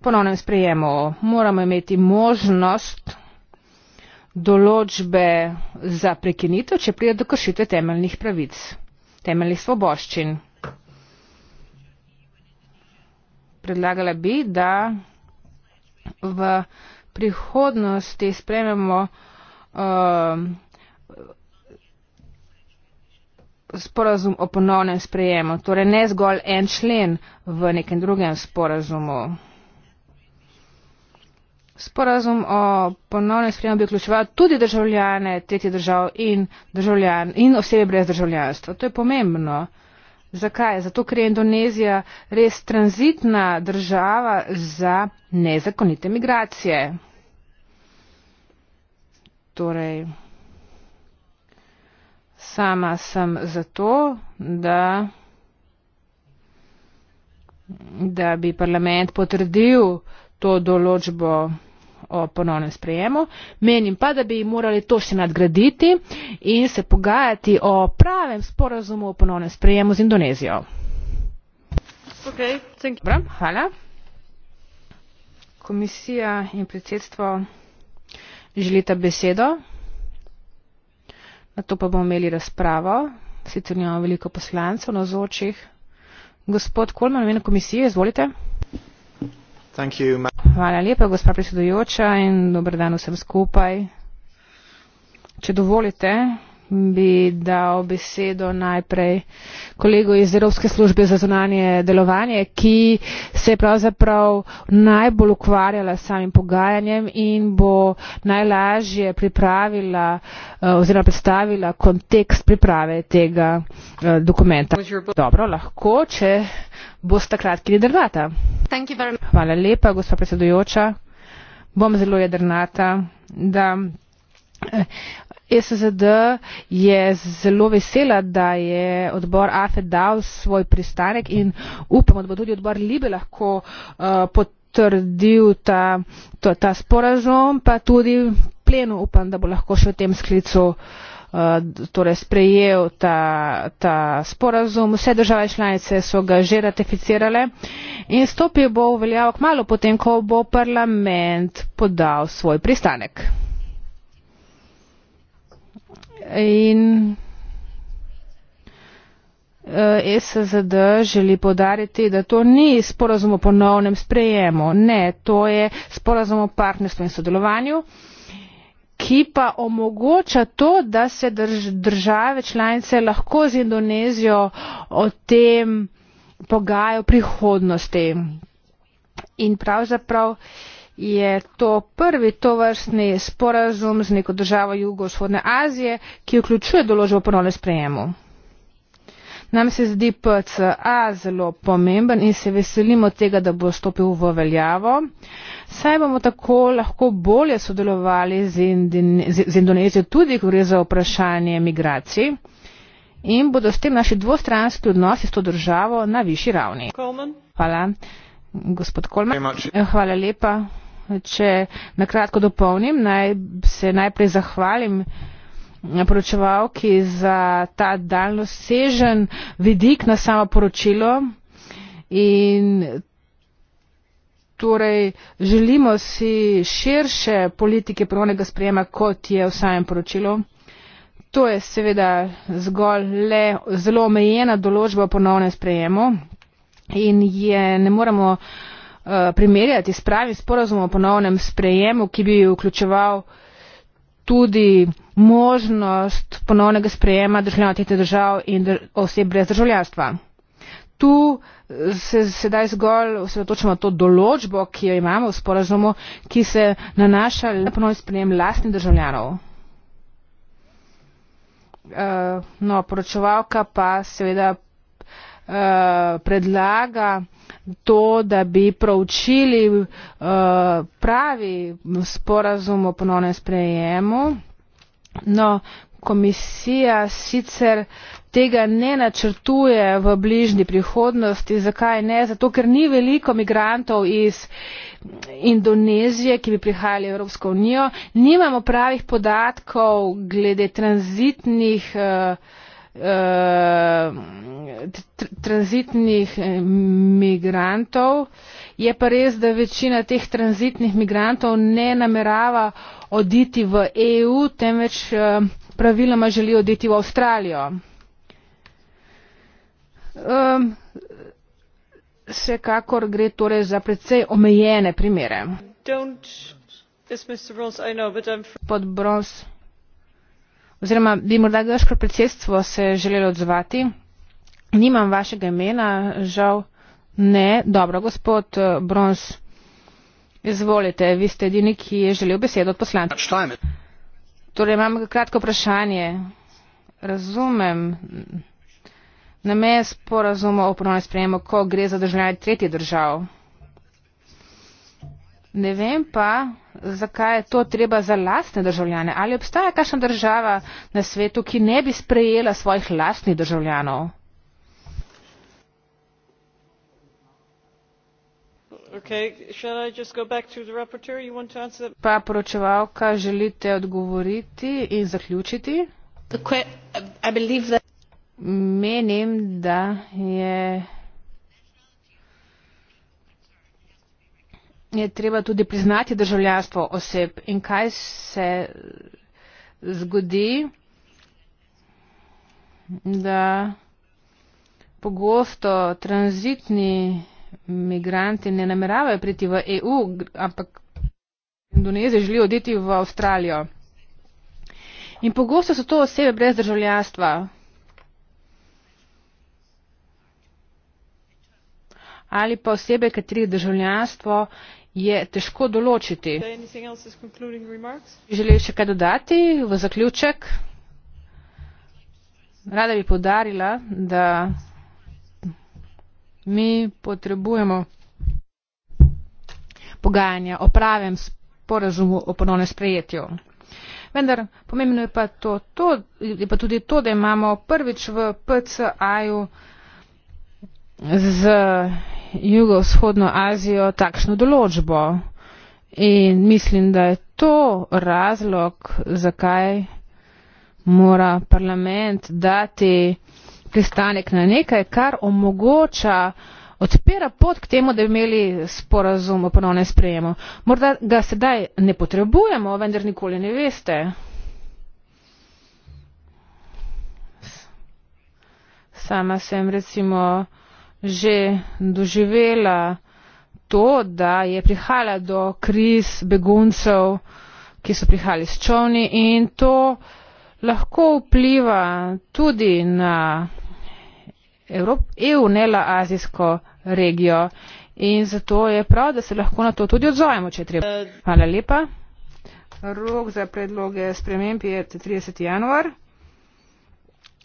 ponovnem sprejemu. Moramo imeti možnost določbe za prekinitev, če prije do kršitve temeljnih pravic, temeljnih svoboščin. Predlagala bi, da v prihodnosti sprememo uh, sporazum o ponovnem sprejemu, torej ne zgolj en člen v nekem drugem sporazumu. Sporazum o ponovnem sprejemu bi vključeval tudi državljane tretjih držav in, državljan, in osebe brez državljanstva. To je pomembno. Zakaj? Zato, ker je Indonezija res tranzitna država za nezakonite migracije. Torej, sama sem za to, da, da bi parlament potrdil to določbo o ponovnem sprejemu. Menim pa, da bi morali to še nadgraditi in se pogajati o pravem sporazumu o ponovnem sprejemu z Indonezijo. Okay, Dobro, hvala. Komisija in predsedstvo želita besedo. Na to pa bomo imeli razpravo. Sicer imamo veliko poslancev na zočih. Gospod Kolman, v imenu komisije, izvolite. Thank you, Hvala lepa, gospa predsedujoča in dober dan vsem skupaj. Če dovolite, bi dal besedo najprej kolegu iz Evropske službe za zunanje delovanje, ki se je pravzaprav najbolj ukvarjala s samim pogajanjem in bo najlažje pripravila eh, oziroma predstavila kontekst priprave tega eh, dokumenta. Dobro, lahko, če bosta kratki nedrvata. Hvala lepa, gospa predsedujoča. Bom zelo jedrnata, da eh, SZD je zelo vesela, da je odbor AFE dal svoj pristanek in upamo, da bo tudi odbor Libe lahko uh, potrdil ta, ta, ta sporazum, pa tudi plenu upam, da bo lahko še v tem sklicu uh, Eh, torej sprejel ta, ta sporazum. Vse države članice so ga že ratificirale in stopil bo v veljavo k malo potem, ko bo parlament podal svoj pristanek. In eh, SZD želi podariti, da to ni sporazum o ponovnem sprejemu, ne, to je sporazum o partnerstvu in sodelovanju ki pa omogoča to, da se drž, države članice lahko z Indonezijo o tem pogajajo prihodnosti. In pravzaprav je to prvi to vrstni sporazum z neko državo jugovzhodne Azije, ki vključuje določbo ponovne sprejemu. Nam se zdi PCA zelo pomemben in se veselimo tega, da bo stopil v veljavo. Saj bomo tako lahko bolje sodelovali z, Indine, z Indonezijo tudi, ko gre za vprašanje migracij. In bodo s tem naši dvostranski odnosi s to državo na višji ravni. Coleman. Hvala, gospod Kolman. Eh, hvala lepa. Če nakratko dopolnim, naj se najprej zahvalim poročevalki za ta daljnosežen vidik na samo poročilo. In torej želimo si širše politike prvonega sprejema, kot je v samem poročilu. To je seveda zgolj le zelo omejena določba o ponovnem sprejemu in je ne moremo uh, primerjati s pravim sporozumom o ponovnem sprejemu, ki bi vključeval uh, tudi možnost ponovnega sprejema državljanov tretjih držav in oseb brez državljanstva. Tu eh, se sedaj zgolj osredotočamo na to določbo, ki jo imamo v sporazumu, ki se nanaša na ponovni sprejem lastnih državljanov. Eh, no, poročevalka pa seveda Eh, predlaga to, da bi proučili eh, pravi sporazum o ponovnem sprejemu. No, komisija sicer tega ne načrtuje v bližnji prihodnosti. Zakaj ne? Zato, ker ni veliko migrantov iz Indonezije, ki bi prihajali v Evropsko unijo. Nimamo pravih podatkov glede tranzitnih. Uh, Eh, tr tranzitnih eh, migrantov. Je pa res, da večina teh tranzitnih migrantov ne namerava oditi v EU, temveč eh, praviloma želi oditi v Avstralijo. Um, Vsekakor gre torej za predvsej omejene primere. Pod bronz oziroma bi morda grško predsedstvo se želelo odzvati. Nimam vašega imena, žal ne. Dobro, gospod eh, Brons, izvolite, vi ste edini, ki je želel besedo od poslanca. Torej, imam kratko vprašanje. Razumem namen sporazuma o ponovnem sprejemu, ko gre za državljanje tretjih držav. Ne vem pa, zakaj je to treba za lastne državljane? Ali obstaja kakšna država na svetu, ki ne bi sprejela svojih lastnih državljanov? Okay. Pa poročevalka, želite odgovoriti in zaključiti? Menim, da je je treba tudi priznati državljanstvo oseb in kaj se zgodi, da pogosto tranzitni migranti ne nameravajo priti v EU, ampak Indonezije želijo oditi v Avstralijo. In pogosto so to osebe brez državljanstva. Ali pa osebe, katerih državljanstvo je težko določiti. Želim še kaj dodati v zaključek. Rada bi podarila, da mi potrebujemo pogajanja o pravem sporazumu o ponovnem sprejetju. Vendar pomembno je pa, to, to, je pa tudi to, da imamo prvič v PCA-ju z jugovzhodno Azijo takšno določbo. In mislim, da je to razlog, zakaj mora parlament dati pristanek na nekaj, kar omogoča, odpira pot k temu, da bi imeli sporazum o ponovnem sprejemu. Morda ga sedaj ne potrebujemo, vendar nikoli ne veste. Sama sem recimo že doživela to, da je prihala do kriz beguncev, ki so prihali s čovni in to lahko vpliva tudi na Evrop, EU, ne la azijsko regijo. In zato je prav, da se lahko na to tudi odzovemo, če treba. Hvala lepa. Rok za predloge sprememb je 30. januar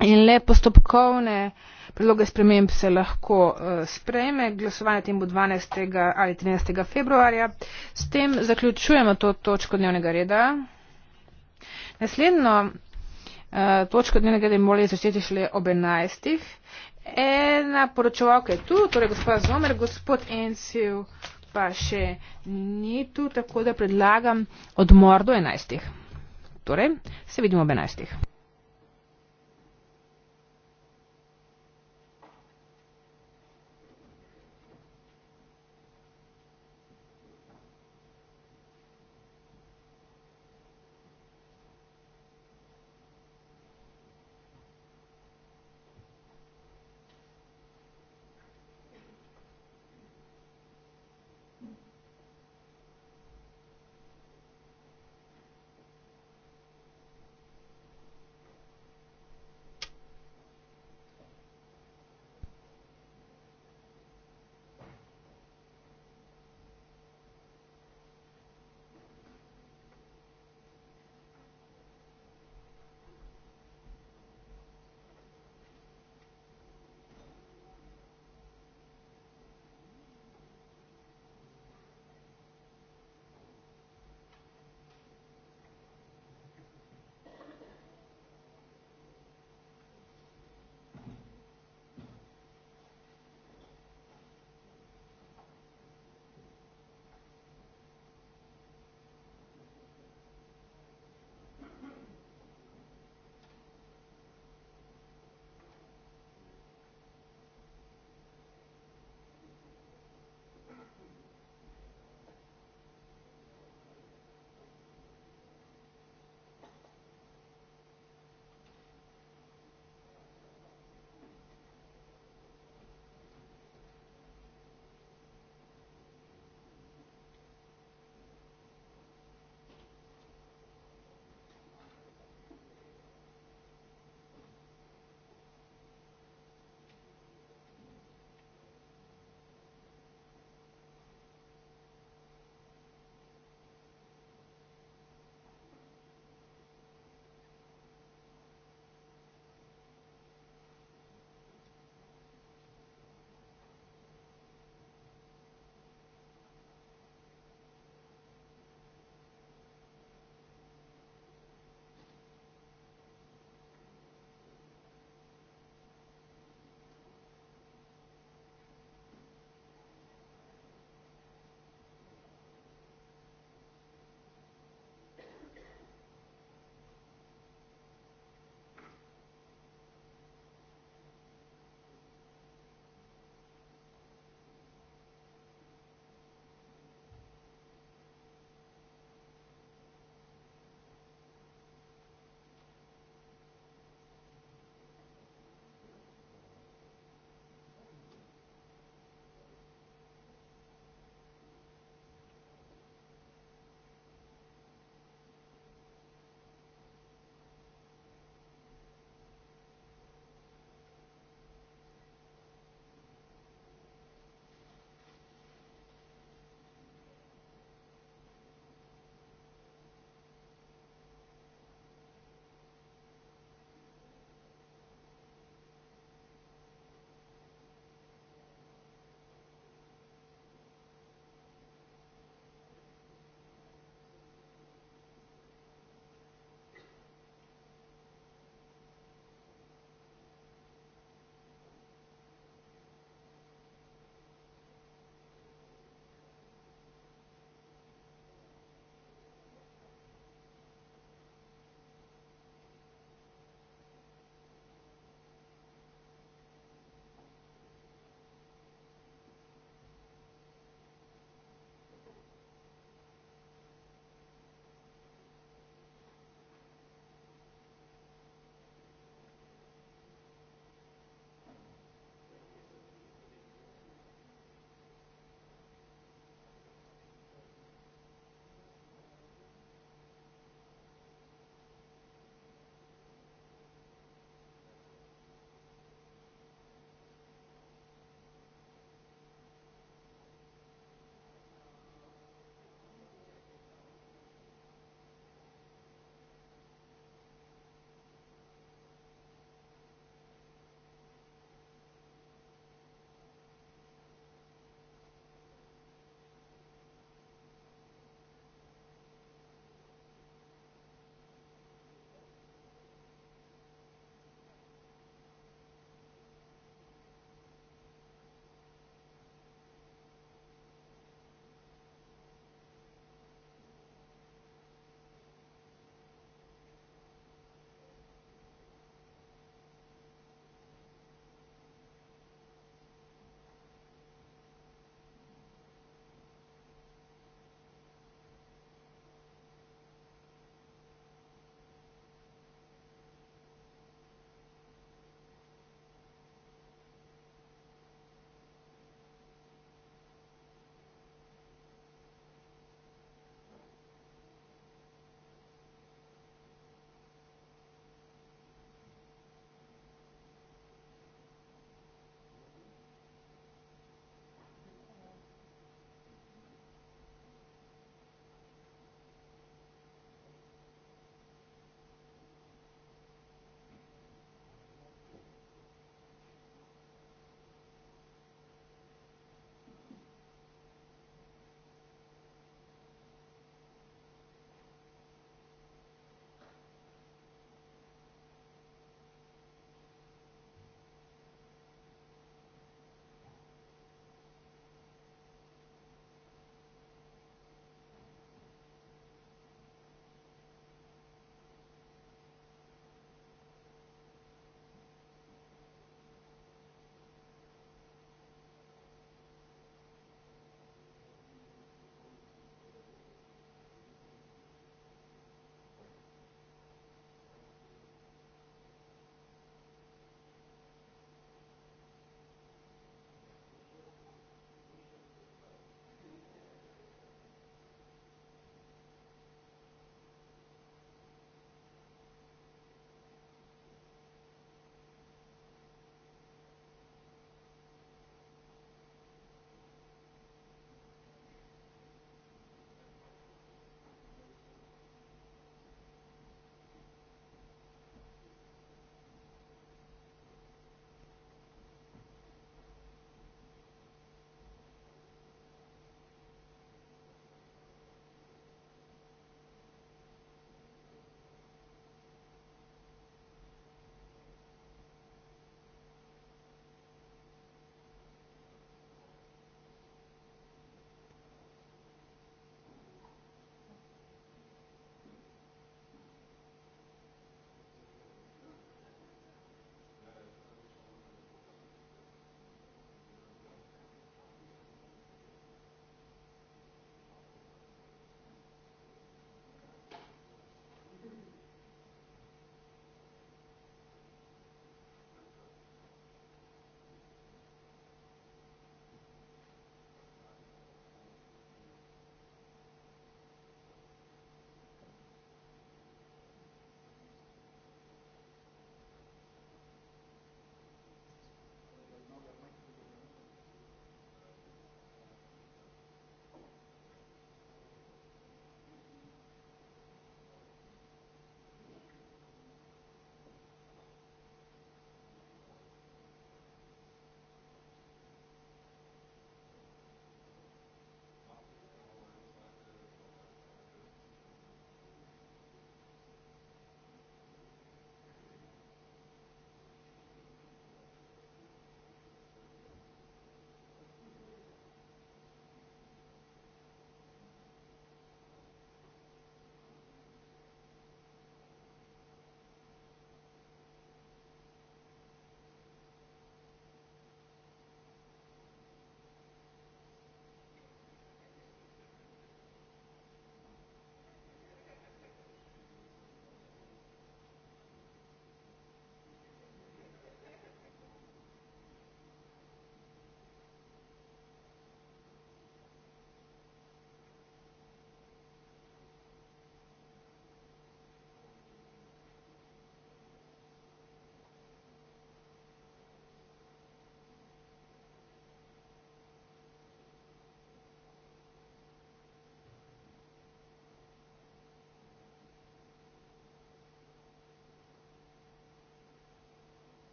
in le postopkovne predloge sprememb se lahko uh, sprejme. Glasovanje tem bo 12. ali 13. februarja. S tem zaključujemo to točko dnevnega reda. Naslednjo uh, točko dnevnega reda je morali začeti šele ob 11. Ena poročevalka je tu, torej gospod Zomer, gospod Ensil pa še ni tu, tako da predlagam odmor do 11. Torej, se vidimo ob 11.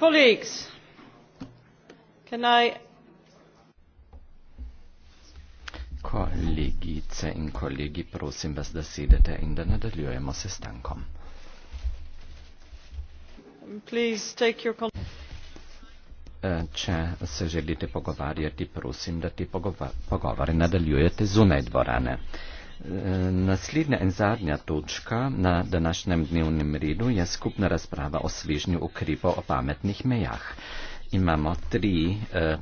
colleagues can i Kolegice in kolegi, prosim vas, da sedete in da nadaljujemo se stankom. Eh, če se želite pogovarjati, prosim, da te pogovore nadaljujete zunaj dvorane. Naslednja in zadnja točka na današnjem dnevnem redu je skupna razprava o svežnju ukrepov o pametnih mejah. Imamo tri eh,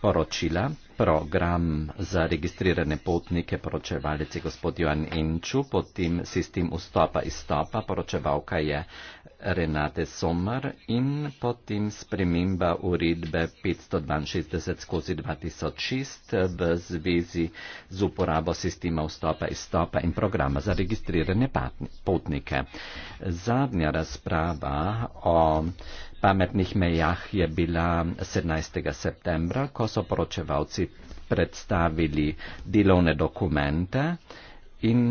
poročila, program za registrirane potnike, poročevalec je gospod Joan Enču, potem sistem vstopa in stopa, poročevalka je Renate Somar in potem sprememba uredbe 562 skozi 2006 v zvezi z uporabo sistema vstopa in stopa in programa za registrirane potnike. Zadnja razprava o pametnih mejah je bila 17. septembra, ko so poročevalci predstavili delovne dokumente in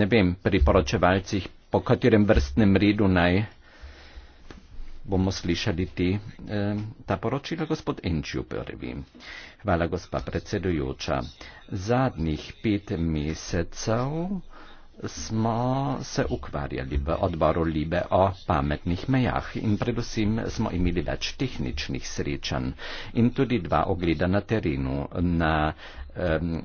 ne vem, pri poročevalcih, po katerem vrstnem redu naj bomo slišali ti, eh, ta poročila, gospod Enčju prvi. Hvala, gospa predsedujoča. Zadnjih pet mesecev smo se ukvarjali v odboru Libe o pametnih mejah in predvsem smo imeli več tehničnih srečanj in tudi dva ogleda na terenu, na um,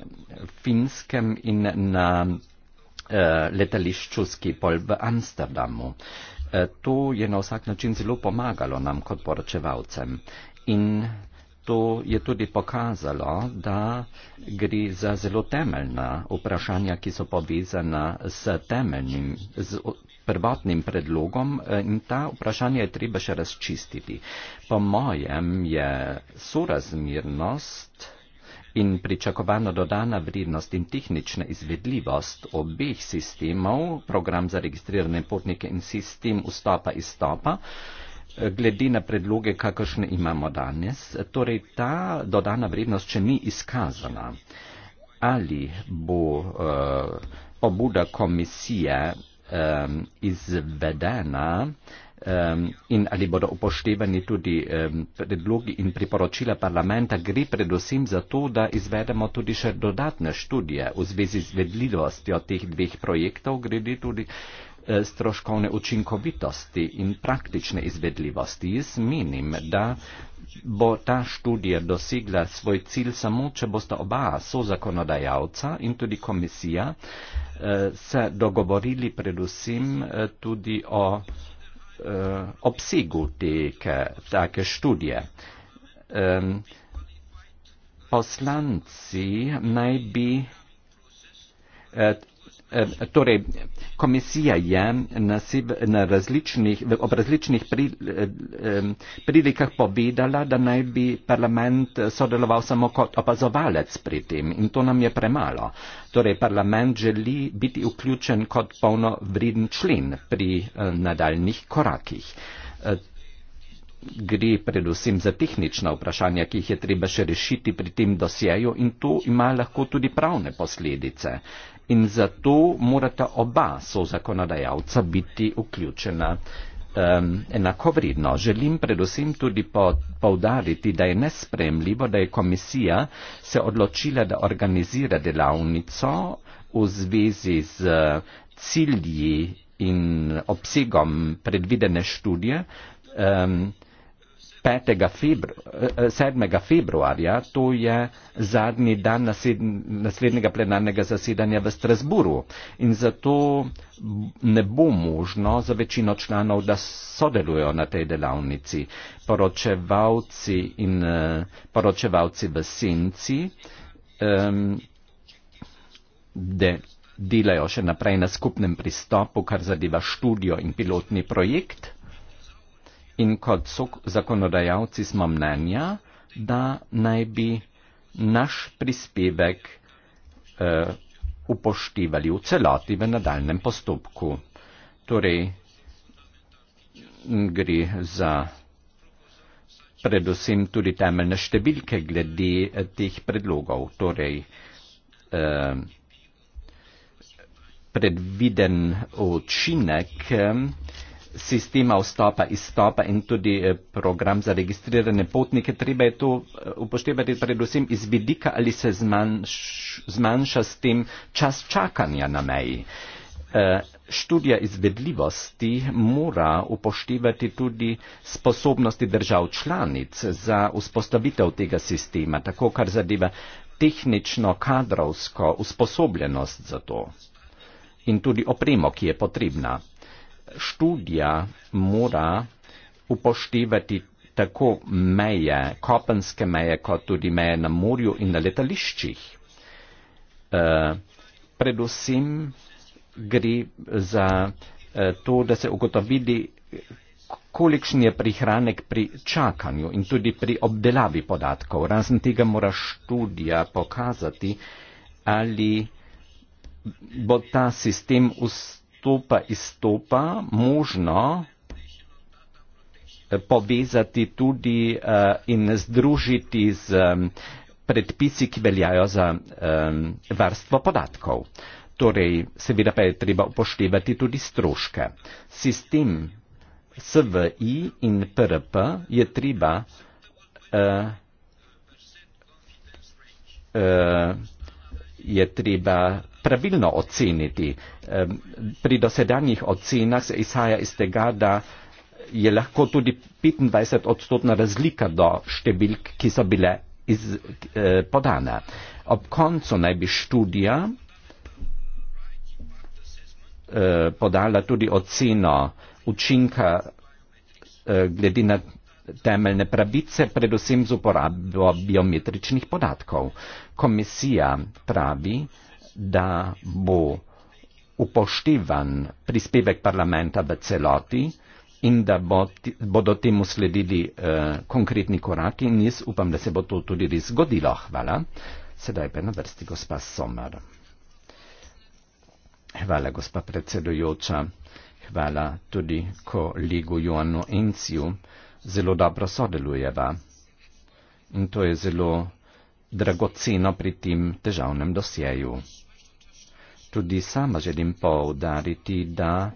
finskem in na uh, letališču Skipol v Amsterdamu. Uh, to je na vsak način zelo pomagalo nam kot poročevalcem. In to je tudi pokazalo, da gre za zelo temeljna vprašanja, ki so povezana s temeljnim, z prvotnim predlogom e, in ta vprašanja je treba še razčistiti. Po mojem je sorazmernost in pričakovano dodana vrednost in tehnična izvedljivost obeh sistemov, program za registrirane potnike in sistem vstopa in izstopa, glede na predloge, kakršne imamo danes. Torej, ta dodana vrednost, če ni izkazana, ali bo uh, pobuda komisije um, izvedena um, in ali bodo upoštevani tudi um, predlogi in priporočila parlamenta, gre predvsem za to, da izvedemo tudi še dodatne študije v zvezi z vedljivostjo teh dveh projektov, gre tudi uh, Eh, stroškovne učinkovitosti in praktične izvedljivosti. Jaz menim, da bo ta študija dosegla svoj cilj samo, če bosta oba so zakonodajalca in tudi komisija eh, se dogovorili predvsem eh, tudi o obsegu teke, take študije. Poslanci naj bi Eh, torej, komisija je nasib, na različnih, ob različnih pri, eh, prilikah povedala, da naj bi parlament sodeloval samo kot opazovalec pri tem in to nam je premalo. Torej, parlament želi biti vključen kot polnovreden člen pri eh, nadaljnih korakih. Gre predvsem za tehnična vprašanja, ki jih je treba še rešiti pri tem dosjeju in to ima lahko tudi pravne posledice in zato morata oba sozakonodajalca biti vključena um, enakovredno. Želim predvsem tudi po, povdariti, da je nespremljivo, da je komisija se odločila, da organizira delavnico v zvezi z uh, cilji in obsegom predvidene študije. Um, 5. Febru, 7. Eh, eh, februarja, to je zadnji dan naslednjega plenarnega zasedanja v Strasburu in zato ne bo možno za večino članov, da sodelujo na tej delavnici. Poročevalci in eh, poročevalci v senci de, delajo še naprej na skupnem pristopu, kar zadeva študijo in pilotni projekt. In kot zakonodajalci smo mnenja, da naj bi naš prispevek eh, upoštevali v celoti v nadaljem postopku. Torej, gre za predvsem tudi temeljne številke glede eh, teh predlogov. Torej, eh, predviden učinek. Eh, sistema vstopa, izstopa in tudi eh, program za registrirane potnike. Treba je to eh, upoštevati predvsem iz vidika, ali se zmanjš, zmanjša s tem čas čakanja na meji. Eh, študija izvedljivosti mora upoštevati tudi sposobnosti držav članic za vzpostavitev tega sistema, tako kar zadeva tehnično, kadrovsko usposobljenost za to in tudi opremo, ki je potrebna študija mora upoštevati tako meje, kopenske meje, kot tudi meje na morju in na letališčih. Uh, predvsem gre za uh, to, da se ugotovili, kolikšen je prihranek pri čakanju in tudi pri obdelavi podatkov. Razen tega mora študija pokazati, ali bo ta sistem ustavljen to pa izstopa, možno eh, povezati tudi eh, in združiti z mm, predpisi, ki veljajo za mm, varstvo podatkov. Torej, seveda pa je treba upoštevati tudi stroške. Sistem SVI in PRP je treba uh, uh, je treba pravilno oceniti. Pri dosedanjih ocenah se izhaja iz tega, da je lahko tudi 25 odstotna razlika do številk, ki so bile iz, eh, podane. Ob koncu naj bi študija eh, podala tudi oceno učinka eh, glede na temeljne pravice, predvsem z uporabo biometričnih podatkov. Komisija pravi, da bo upoštevan prispevek parlamenta v celoti in da bo, bodo temu sledili eh, konkretni koraki in jaz upam, da se bo to tudi res zgodilo. Hvala. Sedaj pa na vrsti gospa Somar. Hvala, gospa predsedujoča. Hvala tudi kolegu Joanu Enciju. Zelo dobro sodelujeva. In to je zelo dragoceno pri tem težavnem dosjeju. Tudi sama želim poudariti, da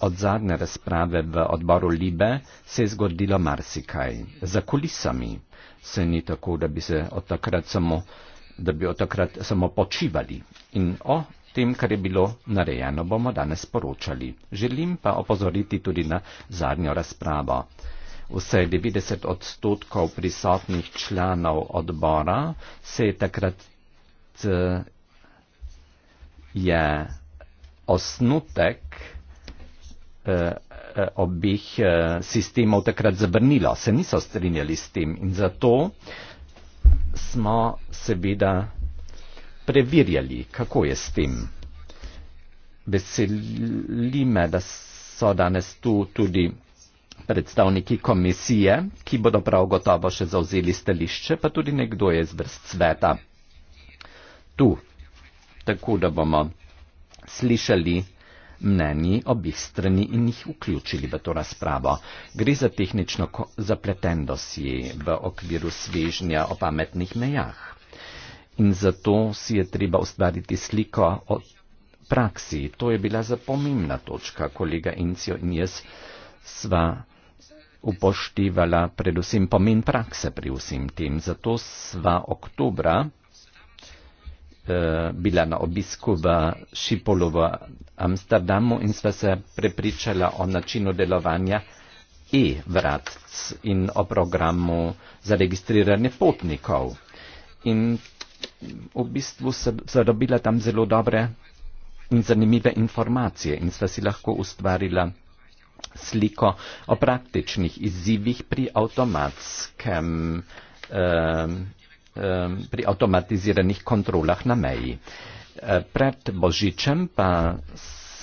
od zadnje razprave v odboru Libe se je zgodilo marsikaj. Za kulisami se ni tako, da bi se od takrat samo, da bi od takrat samo počivali. In o tem, kar je bilo narejeno, bomo danes poročali. Želim pa opozoriti tudi na zadnjo razpravo. Vsaj 90 odstotkov prisotnih članov odbora se je takrat je osnutek e, e, obih e, sistemov takrat zabrnilo, se niso strinjali s tem in zato smo seveda preverjali, kako je s tem. Veseli me, da so danes tu tudi predstavniki komisije, ki bodo prav gotovo še zauzeli stališče, pa tudi nekdo je z vrst sveta. Tu, tako da bomo slišali mnenji obih strani in jih vključili v to razpravo. Gre za tehnično zapleten dosje v okviru svežnja o pametnih mejah. In zato si je treba ustvariti sliko o praksi. To je bila za pomembna točka. Kolega Incio in jaz sva upoštevala predvsem pomen prakse pri vsem tem. Zato sva oktobra eh, bila na obisku v Šipolu v Amsterdamu in sva se prepričala o načinu delovanja e-vratc in o programu za registriranje potnikov. In v bistvu sem zadobila tam zelo dobre in zanimive informacije in sva si lahko ustvarila sliko o praktičnih izzivih pri avtomatskem pri avtomatiziranih kontrolah na meji. E, pred Božičem pa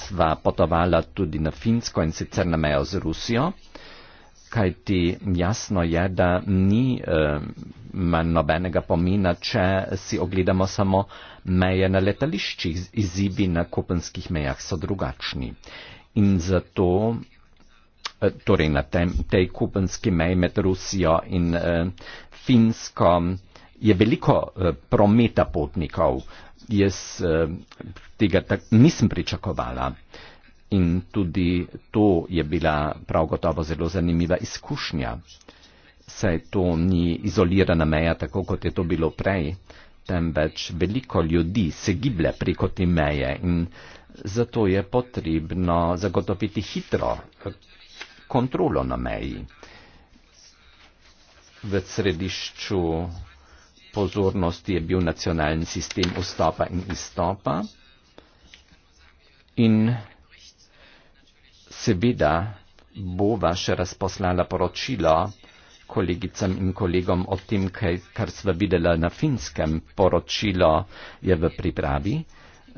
sva potovala tudi na Finsko in sicer na mejo z Rusijo, kajti jasno je, da ni manj nobenega pomina, če si ogledamo samo meje na letališčih, izzivi na kopenskih mejah so drugačni. In zato Eh, torej na tem, tej kubanski meji med Rusijo in eh, Finsko, je veliko eh, prometa potnikov. Jaz eh, tega tak, nisem pričakovala. In tudi to je bila prav gotovo zelo zanimiva izkušnja, saj to ni izolirana meja, tako kot je to bilo prej, temveč veliko ljudi se giblje preko te meje in zato je potrebno zagotoviti hitro eh, kontrolo na meji. V središču pozornosti je bil nacionalni sistem vstopa in izstopa in seveda bova še razposlala poročilo kolegicam in kolegom o tem, kaj, kar sva videla na finskem. Poročilo je v pripravi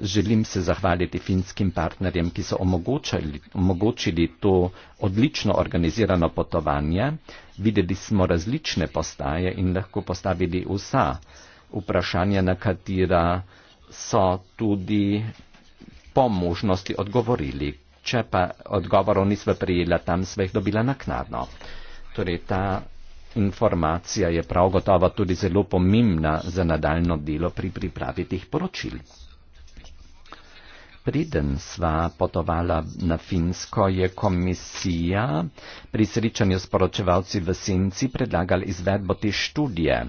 želim se zahvaliti finskim partnerjem, ki so omogočili, omogočili to odlično organizirano potovanje. Videli smo različne postaje in lahko postavili vsa vprašanja, na katera so tudi po možnosti odgovorili. Če pa odgovorov nisva prijela, tam sva jih dobila naknadno. Torej, ta informacija je prav gotovo tudi zelo pomembna za nadaljno delo pri pripravi teh poročil. Preden sva potovala na Finsko, je komisija pri srečanju s poročevalci v Senci predlagala izvedbo te študije.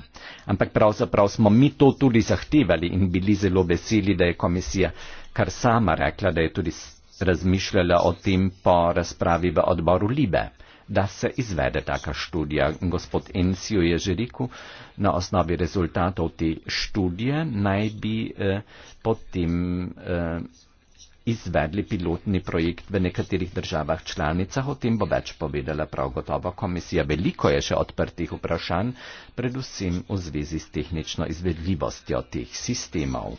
Ampak pravzaprav smo mi to tudi zahtevali in bili zelo veseli, da je komisija kar sama rekla, da je tudi razmišljala o tem po razpravi v odboru Libe, da se izvede taka študija. Gospod Ensio je že rekel, na osnovi rezultatov te študije naj bi eh, potem. Eh, izvedli pilotni projekt v nekaterih državah članicah, o tem bo več povedala prav gotovo komisija. Veliko je še odprtih vprašanj, predvsem v zvezi s tehnično izvedljivostjo teh sistemov.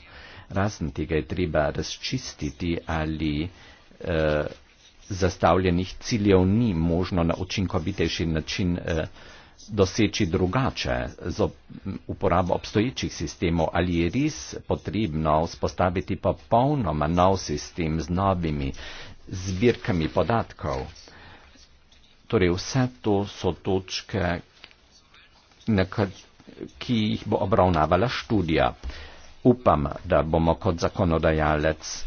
Razen tega je treba razčistiti ali eh, zastavljenih ciljev ni možno na učinkovitejši način. Eh, doseči drugače z uporabo obstoječih sistemov ali je res potrebno vzpostaviti popolnoma nov sistem z novimi zbirkami podatkov. Torej vse to so točke, nekaj, ki jih bo obravnavala študija. Upam, da bomo kot zakonodajalec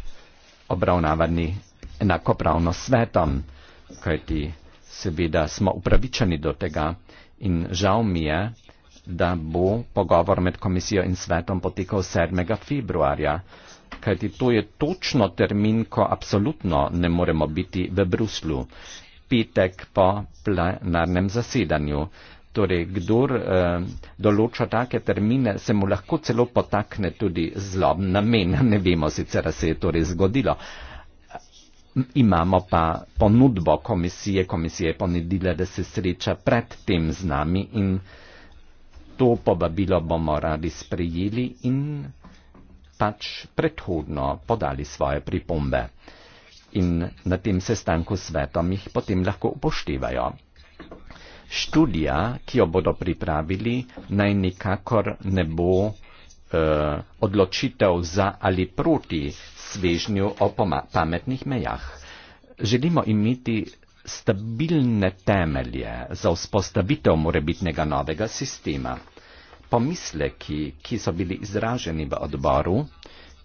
obravnavani enakopravno svetom, kajti seveda smo upravičeni do tega. In žal mi je, da bo pogovor med komisijo in svetom potekal 7. februarja, kajti to je točno termin, ko absolutno ne moremo biti v Bruslu. Petek po plenarnem zasedanju. Torej, kdor eh, določa take termine, se mu lahko celo potakne tudi zlob namen. <laughs> Ne vemo sicer, da se je torej zgodilo imamo pa ponudbo komisije, komisije je ponedila, da se sreča pred tem z nami in to pobabilo bomo radi sprejeli in pač predhodno podali svoje pripombe. In na tem sestanku svetom jih potem lahko upoštevajo. Študija, ki jo bodo pripravili, naj nikakor ne bo eh, odločitev za ali proti svežnju o pametnih mejah. Želimo imeti stabilne temelje za vzpostavitev morebitnega novega sistema. Pomisleki, ki so bili izraženi v odboru,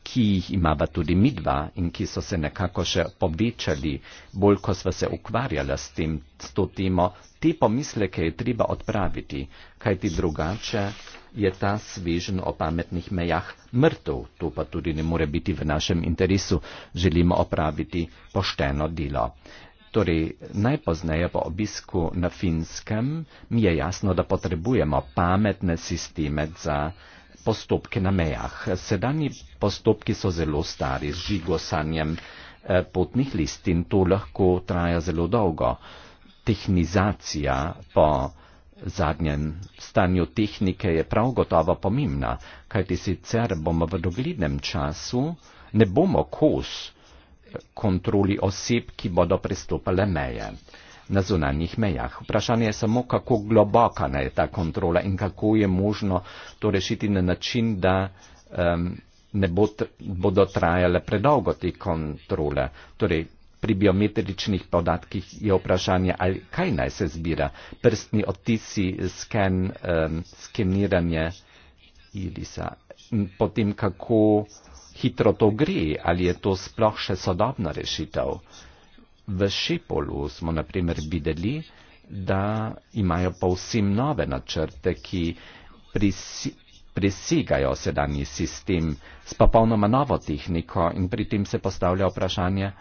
ki jih imava tudi midva in ki so se nekako še povečali, bolj ko sva se ukvarjala s, tem, s to temo, Te pomisleke je treba odpraviti, kajti drugače je ta svežen o pametnih mejah mrtev, to pa tudi ne more biti v našem interesu, želimo opraviti pošteno delo. Torej, najpozneje po obisku na finskem mi je jasno, da potrebujemo pametne sisteme za postopke na mejah. Sedani postopki so zelo stari, z žigosanjem eh, potnih listin, to lahko traja zelo dolgo tehnizacija po zadnjem stanju tehnike je prav gotovo pomembna, kajti sicer bomo v doglednem času ne bomo kos kontroli oseb, ki bodo pristopale meje na zunanjih mejah. Vprašanje je samo, kako globoka naj je ta kontrola in kako je možno to rešiti na način, da um, ne bod, bodo trajale predolgo te kontrole. Torej, Pri biometričnih podatkih je vprašanje, kaj naj se zbira. Prstni odtisi, sken, um, skeniranje irisa. Potem, kako hitro to gre, ali je to sploh še sodobna rešitev. V Šepolu smo naprimer videli, da imajo povsem nove načrte, ki presegajo sedanji sistem s popolnoma novo tehniko in pri tem se postavlja vprašanje,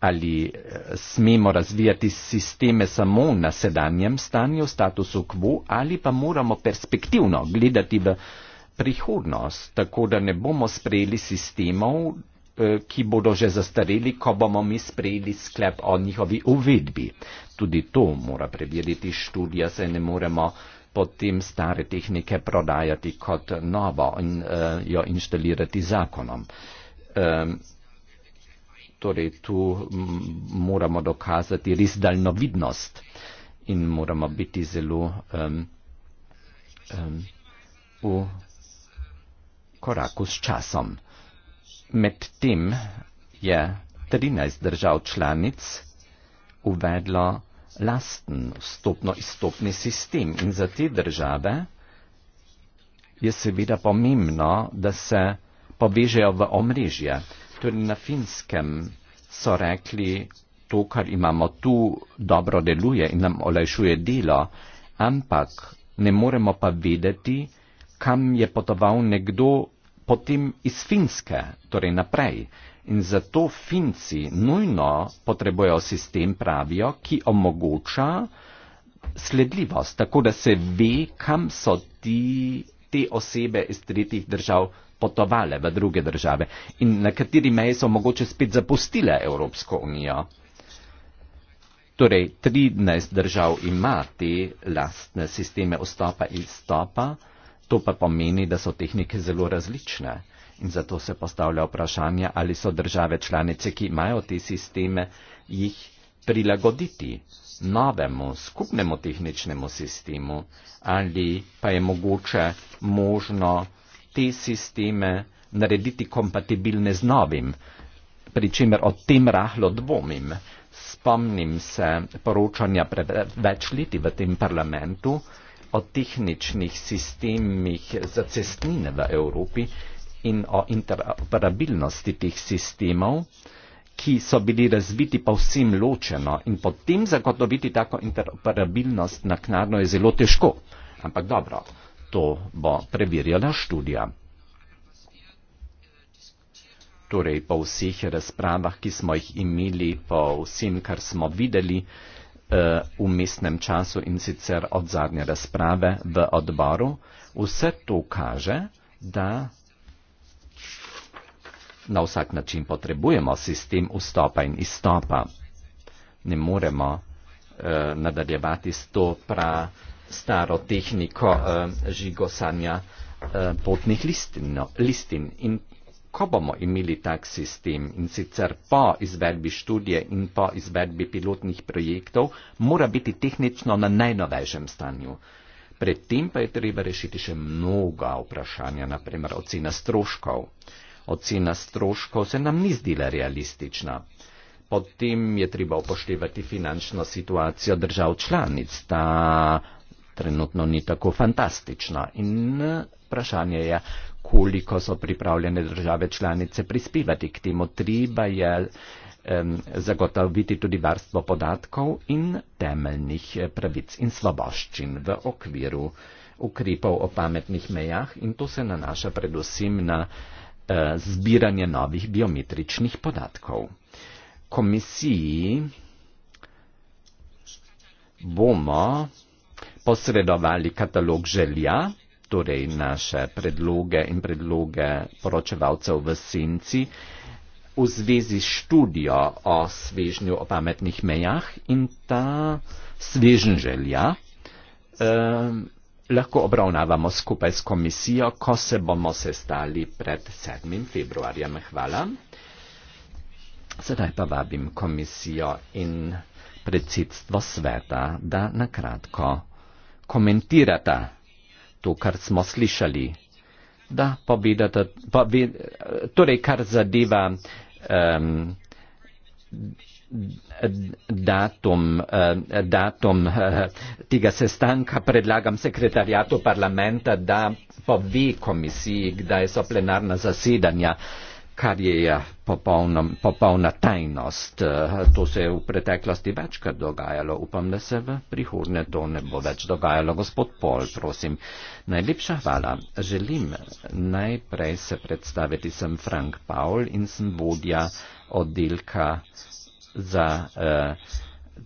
ali eh, smemo razvijati sisteme samo na sedanjem stanju, statusu quo, ali pa moramo perspektivno gledati v prihodnost, tako da ne bomo sprejeli sistemov, eh, ki bodo že zastareli, ko bomo mi sprejeli sklep o njihovi uvedbi. Tudi to mora preveriti študija, saj ne moremo potem stare tehnike prodajati kot novo in uh, jo inštalirati zakonom. Um, torej tu moramo dokazati res daljnovidnost in moramo biti zelo um, um, v koraku s časom. Medtem je 13 držav članic uvedlo lasten vstopno-izstopni sistem in za te države je seveda pomembno, da se povežejo v omrežje tudi na finskem so rekli, to, kar imamo tu, dobro deluje in nam olajšuje delo, ampak ne moremo pa vedeti, kam je potoval nekdo potem iz finske, torej naprej. In zato finci nujno potrebujejo sistem, pravijo, ki omogoča sledljivost, tako da se ve, kam so ti, te osebe iz tretjih držav potovale v druge države in na kateri meji so mogoče spet zapustile Evropsko unijo. Torej, 13 držav ima te lastne sisteme vstopa in stopa, to pa pomeni, da so tehnike zelo različne. In zato se postavlja vprašanje, ali so države članice, ki imajo te sisteme, jih prilagoditi novemu skupnemu tehničnemu sistemu ali pa je mogoče možno te sisteme narediti kompatibilne z novim, pri čemer o tem rahlo dvomim. Spomnim se poročanja pred več leti v tem parlamentu o tehničnih sistemih za cestnine v Evropi in o interoperabilnosti teh sistemov, ki so bili razviti pa vsem ločeno in potem zagotoviti tako interoperabilnost naknadno je zelo težko. Ampak dobro, to bo preverjala študija. Torej, po vseh razpravah, ki smo jih imeli, po vsem, kar smo videli eh, v mestnem času in sicer od zadnje razprave v odboru, vse to kaže, da na vsak način potrebujemo sistem vstopa in izstopa. Ne moremo eh, nadaljevati s to prav staro tehniko eh, žigosanja eh, potnih listin, no, listin. In ko bomo imeli tak sistem in sicer po izvedbi študije in po izvedbi pilotnih projektov, mora biti tehnično na najnovejšem stanju. Predtem pa je treba rešiti še mnoga vprašanja, naprimer ocena stroškov. Ocena stroškov se nam ni zdela realistična. Potem je treba upoštevati finančno situacijo držav članic. Ta trenutno ni tako fantastična. In vprašanje je, koliko so pripravljene države članice prispevati k temu. Treba je um, zagotoviti tudi varstvo podatkov in temeljnih eh, pravic in svoboščin v okviru ukrepov o pametnih mejah in to se nanaša predvsem na uh, zbiranje novih biometričnih podatkov. Komisiji bomo posredovali katalog želja, torej naše predloge in predloge poročevalcev v senci v zvezi s študijo o svežnju o pametnih mejah in ta svežen želja eh, lahko obravnavamo skupaj s komisijo, ko se bomo sestali pred 7. februarjem. Hvala. Sedaj pa vabim komisijo in predsedstvo sveta, da nakratko komentirata to, kar smo slišali. Da, pobedata, pobe, torej, kar zadeva um, datum, uh, datum uh, tega sestanka, predlagam sekretarjatu parlamenta, da pove komisiji, kdaj so plenarna zasedanja. Uh, kar je ja, popolnom, popolna tajnost. Eh, to se je v preteklosti večkrat dogajalo, upam, da se v prihodnje to ne bo več dogajalo. Gospod Pol, prosim, najlepša hvala. Želim najprej se predstaviti, sem Frank Paul in sem vodja oddelka za uh,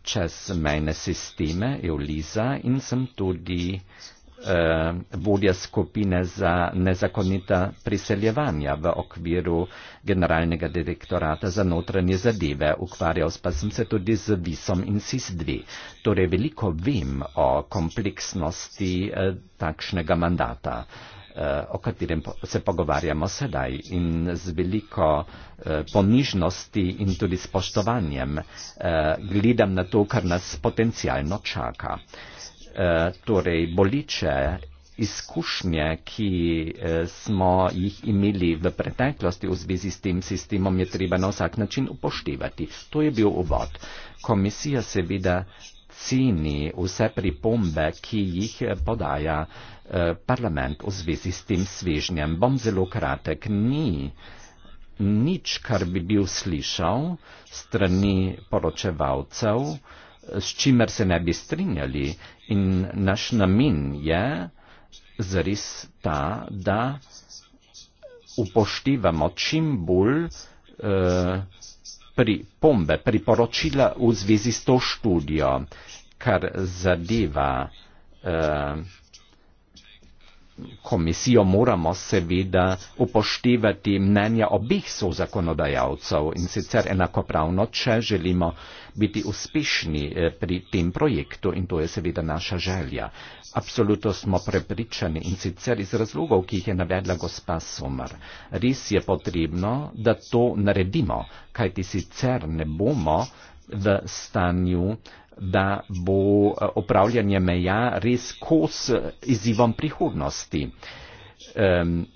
čezmejne sisteme, Euliza, in sem tudi uh, Eh, vodja skupine za nezakonita priseljevanja v okviru generalnega direktorata za notranje zadeve. Ukvarjal pa sem se tudi z visom in SIS-2. Torej veliko vem o kompleksnosti eh, takšnega mandata, eh, o katerem se pogovarjamo sedaj in z veliko ponižnosti in tudi spoštovanjem gledam na to, kar nas potencialno čaka. Eh, torej boliče izkušnje, ki eh, smo jih imeli v preteklosti v zvezi s tem sistemom, je treba na vsak način upoštevati. To je bil uvod. Komisija seveda ceni vse pripombe, ki jih eh, podaja parlament v zvezi s tem svežnjem. Bom zelo kratek. Ni nič, kar bi bil slišal strani poročevalcev, s čimer se ne bi strinjali. In naš namen je zaris ta, da upoštevamo čim bolj uh, pripombe, priporočila v zvezi s to študijo, kar zadeva uh, komisijo moramo seveda upoštevati mnenja obih sozakonodajalcev in sicer enakopravno, če želimo biti uspešni eh, pri tem projektu in to je seveda naša želja. Absolutno smo prepričani in sicer iz razlogov, ki jih je navedla gospa Somar. Res je potrebno, da to naredimo, kajti sicer ne bomo v stanju da bo eh, opravljanje meja res kos eh, izzivom prihodnosti. Um,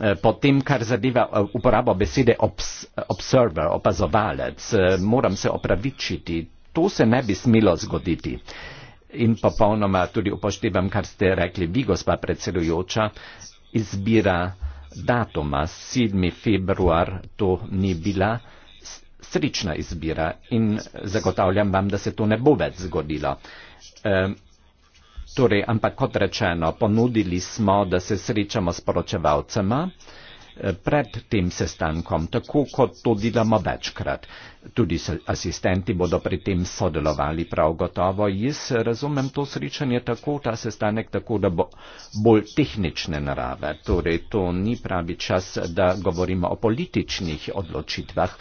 eh, Po tem, kar zadeva uporabo besede obs, observer, opazovalec, moram se opravičiti. To se ne bi smelo zgoditi. In popolnoma tudi upoštevam, kar ste rekli vi, gospa predsedujoča, izbira datuma 7. februar, to ni bila srečna izbira in zagotavljam vam, da se to ne bo več zgodilo. E, torej, ampak kot rečeno, ponudili smo, da se srečamo s poročevalcema eh, pred tem sestankom, tako kot to delamo večkrat. Tudi asistenti bodo pri tem sodelovali prav gotovo. Jaz razumem to srečanje tako, ta sestanek tako, da bo bolj tehnične narave. Torej, to ni pravi čas, da govorimo o političnih odločitvah.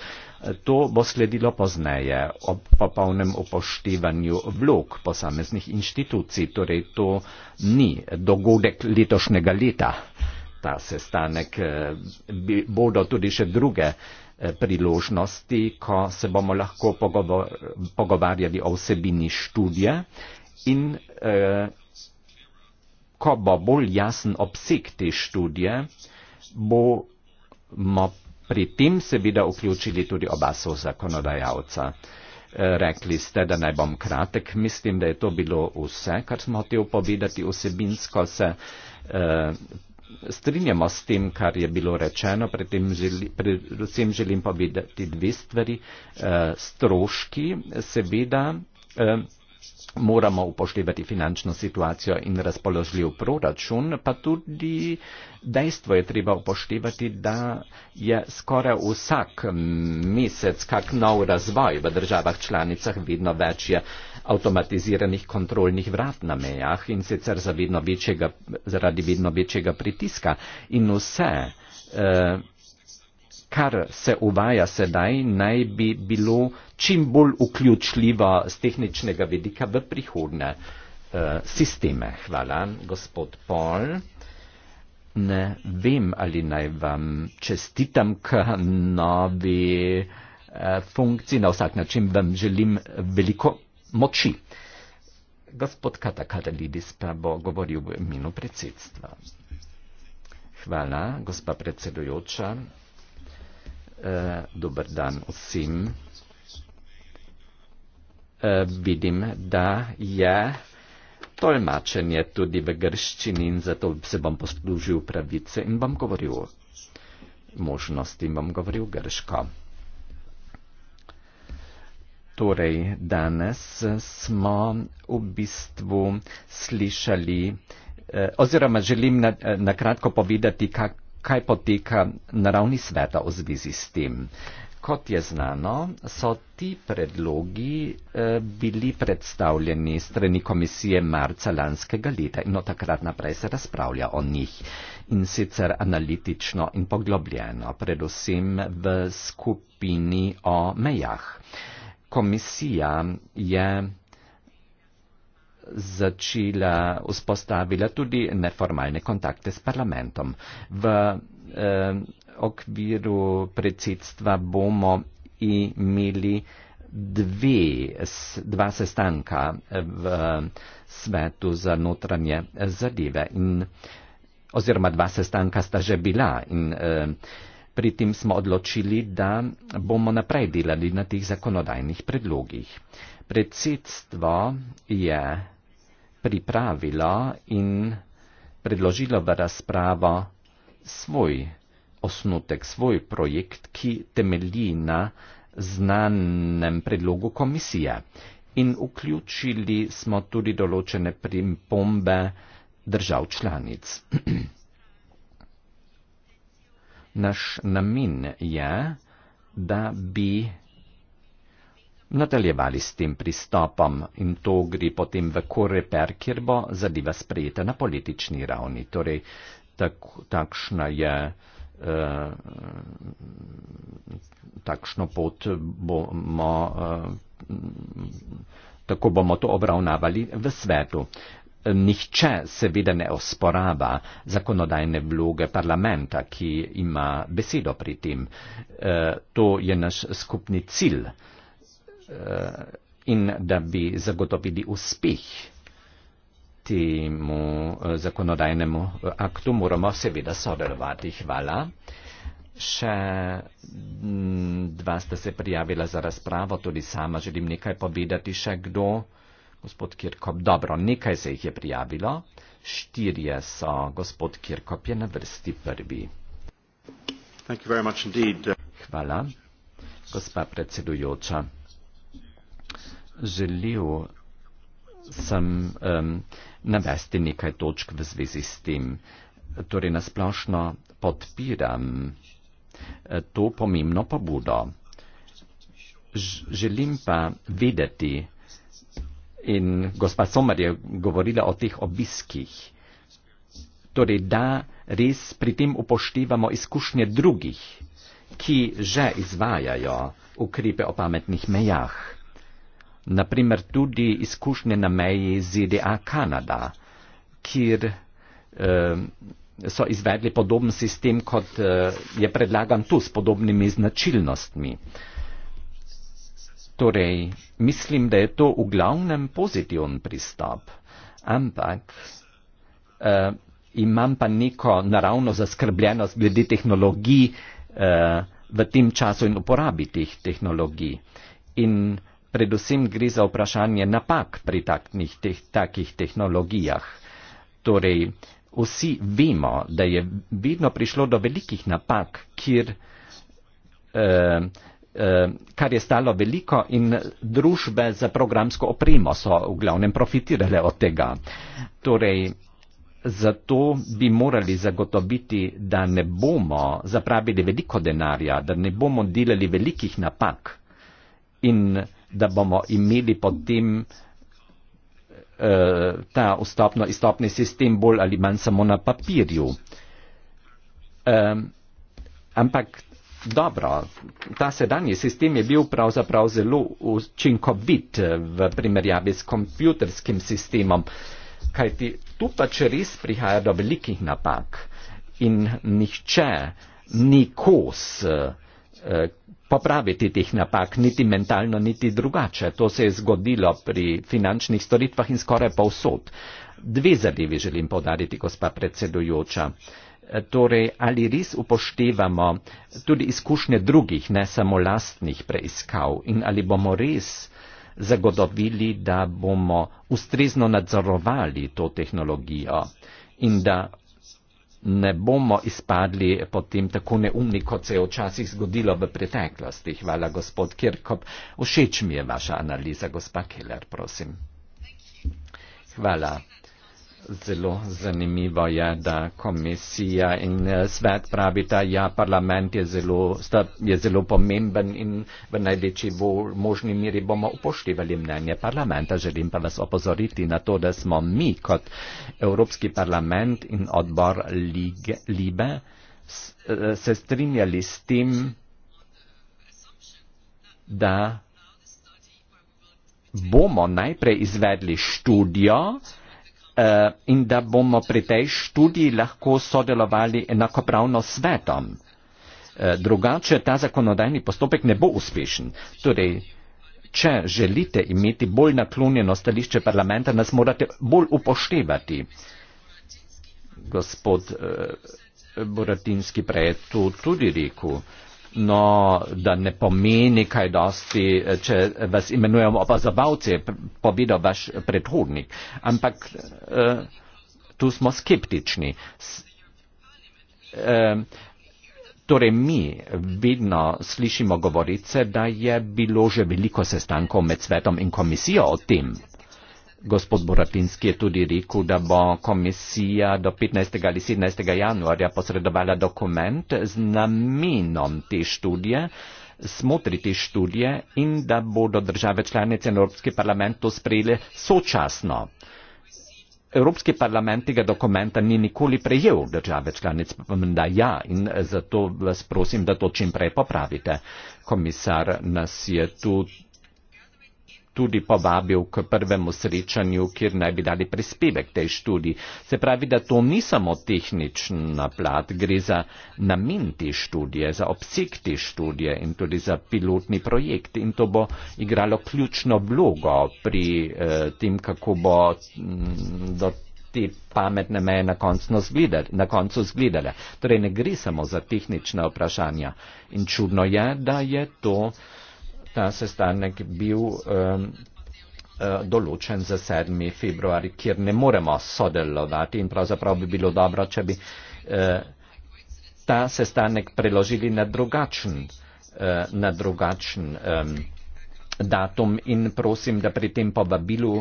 To bo sledilo pozneje ob popolnem upoštevanju vlog posameznih inštitucij. Torej to ni dogodek letošnjega leta. Ta sestanek eh, bodo tudi še druge eh, priložnosti, ko se bomo lahko pogovor, pogovarjali o vsebini študije in eh, ko bo bolj jasen obseg te študije, bomo Pri tem seveda vključili tudi oba sozakonodajalca. E, rekli ste, da naj bom kratek. Mislim, da je to bilo vse, kar smo hoteli povedati vsebinsko. Se eh, strinjamo s tem, kar je bilo rečeno. Predvsem želi, pred želim povedati dve stvari. Eh, stroški seveda. Eh, moramo upoštevati finančno situacijo in razpoložljiv proračun, pa tudi dejstvo je treba upoštevati, da je skoraj vsak mesec kak nov razvoj v državah članicah vedno več je avtomatiziranih kontrolnih vrat na mejah in sicer za vedno večjega, zaradi vedno večjega pritiska in vse. Eh, kar se uvaja sedaj, naj bi bilo čim bolj vključljivo z tehničnega vidika v prihodne uh, sisteme. Hvala, gospod Paul. Ne vem, ali naj vam čestitam k novi uh, funkciji. Na vsak način vam želim veliko moči. Gospod Katakaralidis pa bo govoril v imenu predsedstva. Hvala, gospa predsedujoča. Eh, dober dan vsem. E, vidim, da je tolmačenje tudi v grščini in zato se bom poslužil pravice in bom govoril možnosti in bom govoril grško. Torej, danes smo v bistvu slišali, eh, oziroma želim na, eh, na kratko povedati, kak, kaj poteka na ravni sveta v zvezi s tem. Kot je znano, so ti predlogi eh, bili predstavljeni strani komisije marca lanskega leta in od takrat naprej se razpravlja o njih in sicer analitično in poglobljeno, predvsem v skupini o mejah. Komisija je začela, vzpostavila tudi neformalne kontakte s parlamentom. V eh, okviru predsedstva bomo imeli dve, dva sestanka eh, v svetu za notranje zadeve in, oziroma dva sestanka sta že bila in eh, pri tem smo odločili, da bomo naprej delali na teh zakonodajnih predlogih. Predsedstvo je pripravilo in predložilo v razpravo svoj osnutek, svoj projekt, ki temelji na znanem predlogu komisije. In vključili smo tudi določene pripombe držav članic. <clears throat> Naš namen je, da bi nadaljevali s tem pristopom in to gre potem v koreper, kjer bo zadeva sprejeta na politični ravni. Torej, tak, takšna je, eh, takšno pot bomo, eh, tako bomo to obravnavali v svetu. Nihče seveda ne osporaba zakonodajne vloge parlamenta, ki ima besedo pri tem. E, to je naš skupni cilj. E, in da bi zagotovili uspeh temu eh, zakonodajnemu eh, aktu, moramo seveda sodelovati. Hvala. Še dva ste se prijavila za razpravo, tudi sama želim nekaj povedati. Še kdo? Gospod Kirkop, dobro, nekaj se jih je prijavilo. Štirje so, gospod Kirkop je na vrsti prvi. Hvala, gospa predsedujoča želel sem um, navesti nekaj točk v zvezi s tem. Torej, nasplošno podpiram e, to pomembno pobudo. Želim pa vedeti, in gospa Somar je govorila o teh obiskih, torej, da res pri tem upoštevamo izkušnje drugih, ki že izvajajo ukrepe o pametnih mejah naprimer tudi izkušnje na meji ZDA Kanada, kjer eh, so izvedli podoben sistem, kot eh, je predlagan tu, s podobnimi značilnostmi. Torej, mislim, da je to v glavnem pozitiven pristop, ampak eh, imam pa neko naravno zaskrbljenost glede tehnologij eh, v tem času in uporabi teh tehnologij. In predvsem gre za vprašanje napak pri taknih, teh, takih tehnologijah. Torej, vsi vemo, da je vedno prišlo do velikih napak, kjer, eh, eh, kar je stalo veliko in družbe za programsko opremo so v glavnem profitirale od tega. Torej, Zato bi morali zagotoviti, da ne bomo zapravili veliko denarja, da ne bomo delali velikih napak. In da bomo imeli potem uh, eh, ta vstopno-izstopni sistem bolj ali manj samo na papirju. Um, ampak dobro, ta sedanji sistem je bil pravzaprav zelo učinkovit eh, v primerjavi s kompjuterskim sistemom, kajti tu pač res prihaja do velikih napak in nihče ni kos. Uh, eh, Eh, popraviti tih napak, niti mentalno, niti drugače. To se je zgodilo pri finančnih storitvah in skoraj povsod. Dve zadevi želim podariti, gospa predsedujoča. Eh, torej, ali res upoštevamo tudi izkušnje drugih, ne samo lastnih preiskav in ali bomo res zagotovili, da bomo ustrezno nadzorovali to tehnologijo in da ne bomo izpadli potem tako neumni, kot se je včasih zgodilo v preteklosti. Hvala, gospod Kirkop. Všeč mi je vaša analiza, gospa Keller, prosim. Hvala. Zelo zanimivo je, da komisija in eh, svet pravita, ja, parlament je zelo, sta, je zelo pomemben in v največji možni miri bomo upoštevali mnenje parlamenta. Želim pa vas opozoriti na to, da smo mi kot Evropski parlament in odbor Lige, Libe eh, se strinjali s tem, da bomo najprej izvedli študijo, uh, in da bomo pri tej študiji lahko sodelovali enakopravno s svetom. Uh, drugače ta zakonodajni postopek ne bo uspešen. Torej, če želite imeti bolj naklonjeno stališče parlamenta, nas morate bolj upoštevati. Gospod uh, eh, Boratinski prej je to tudi rekel. Uh, no, da ne pomeni kaj dosti, eh, če vas imenujemo opazovalci, povedal vaš predhodnik. Ampak eh, tu smo skeptični. S, eh, torej mi vedno slišimo govorice, da je bilo že veliko sestankov med svetom in komisijo o tem. Gospod Boratinski je tudi rekel, da bo komisija do 15. ali 17. januarja posredovala dokument z namenom te študije, smotri te študije in da bodo države članice in Evropski parlament to sprejeli sočasno. Evropski parlament tega dokumenta ni nikoli prejel države članic, pa vem, da ja in zato vas prosim, da to čim prej popravite. Komisar nas je tu tudi povabil k prvemu srečanju, kjer naj bi dali prispevek tej študiji. Se pravi, da to ni samo tehnična plat, gre za namen te študije, za obseg te študije in tudi za pilotni projekt. In to bo igralo ključno vlogo pri eh, tem, kako bo hm, do te pametne meje na koncu, zgledali, na koncu zgledali. Torej ne gre samo za tehnična vprašanja. In čudno je, da je to ta sestanek bil um, določen za 7. februar, kjer ne moremo sodelovati in pravzaprav bi bilo dobro, če bi uh, ta sestanek preložili na drugačen, uh, na drugačen um, datum in prosim, da pri tem povabilu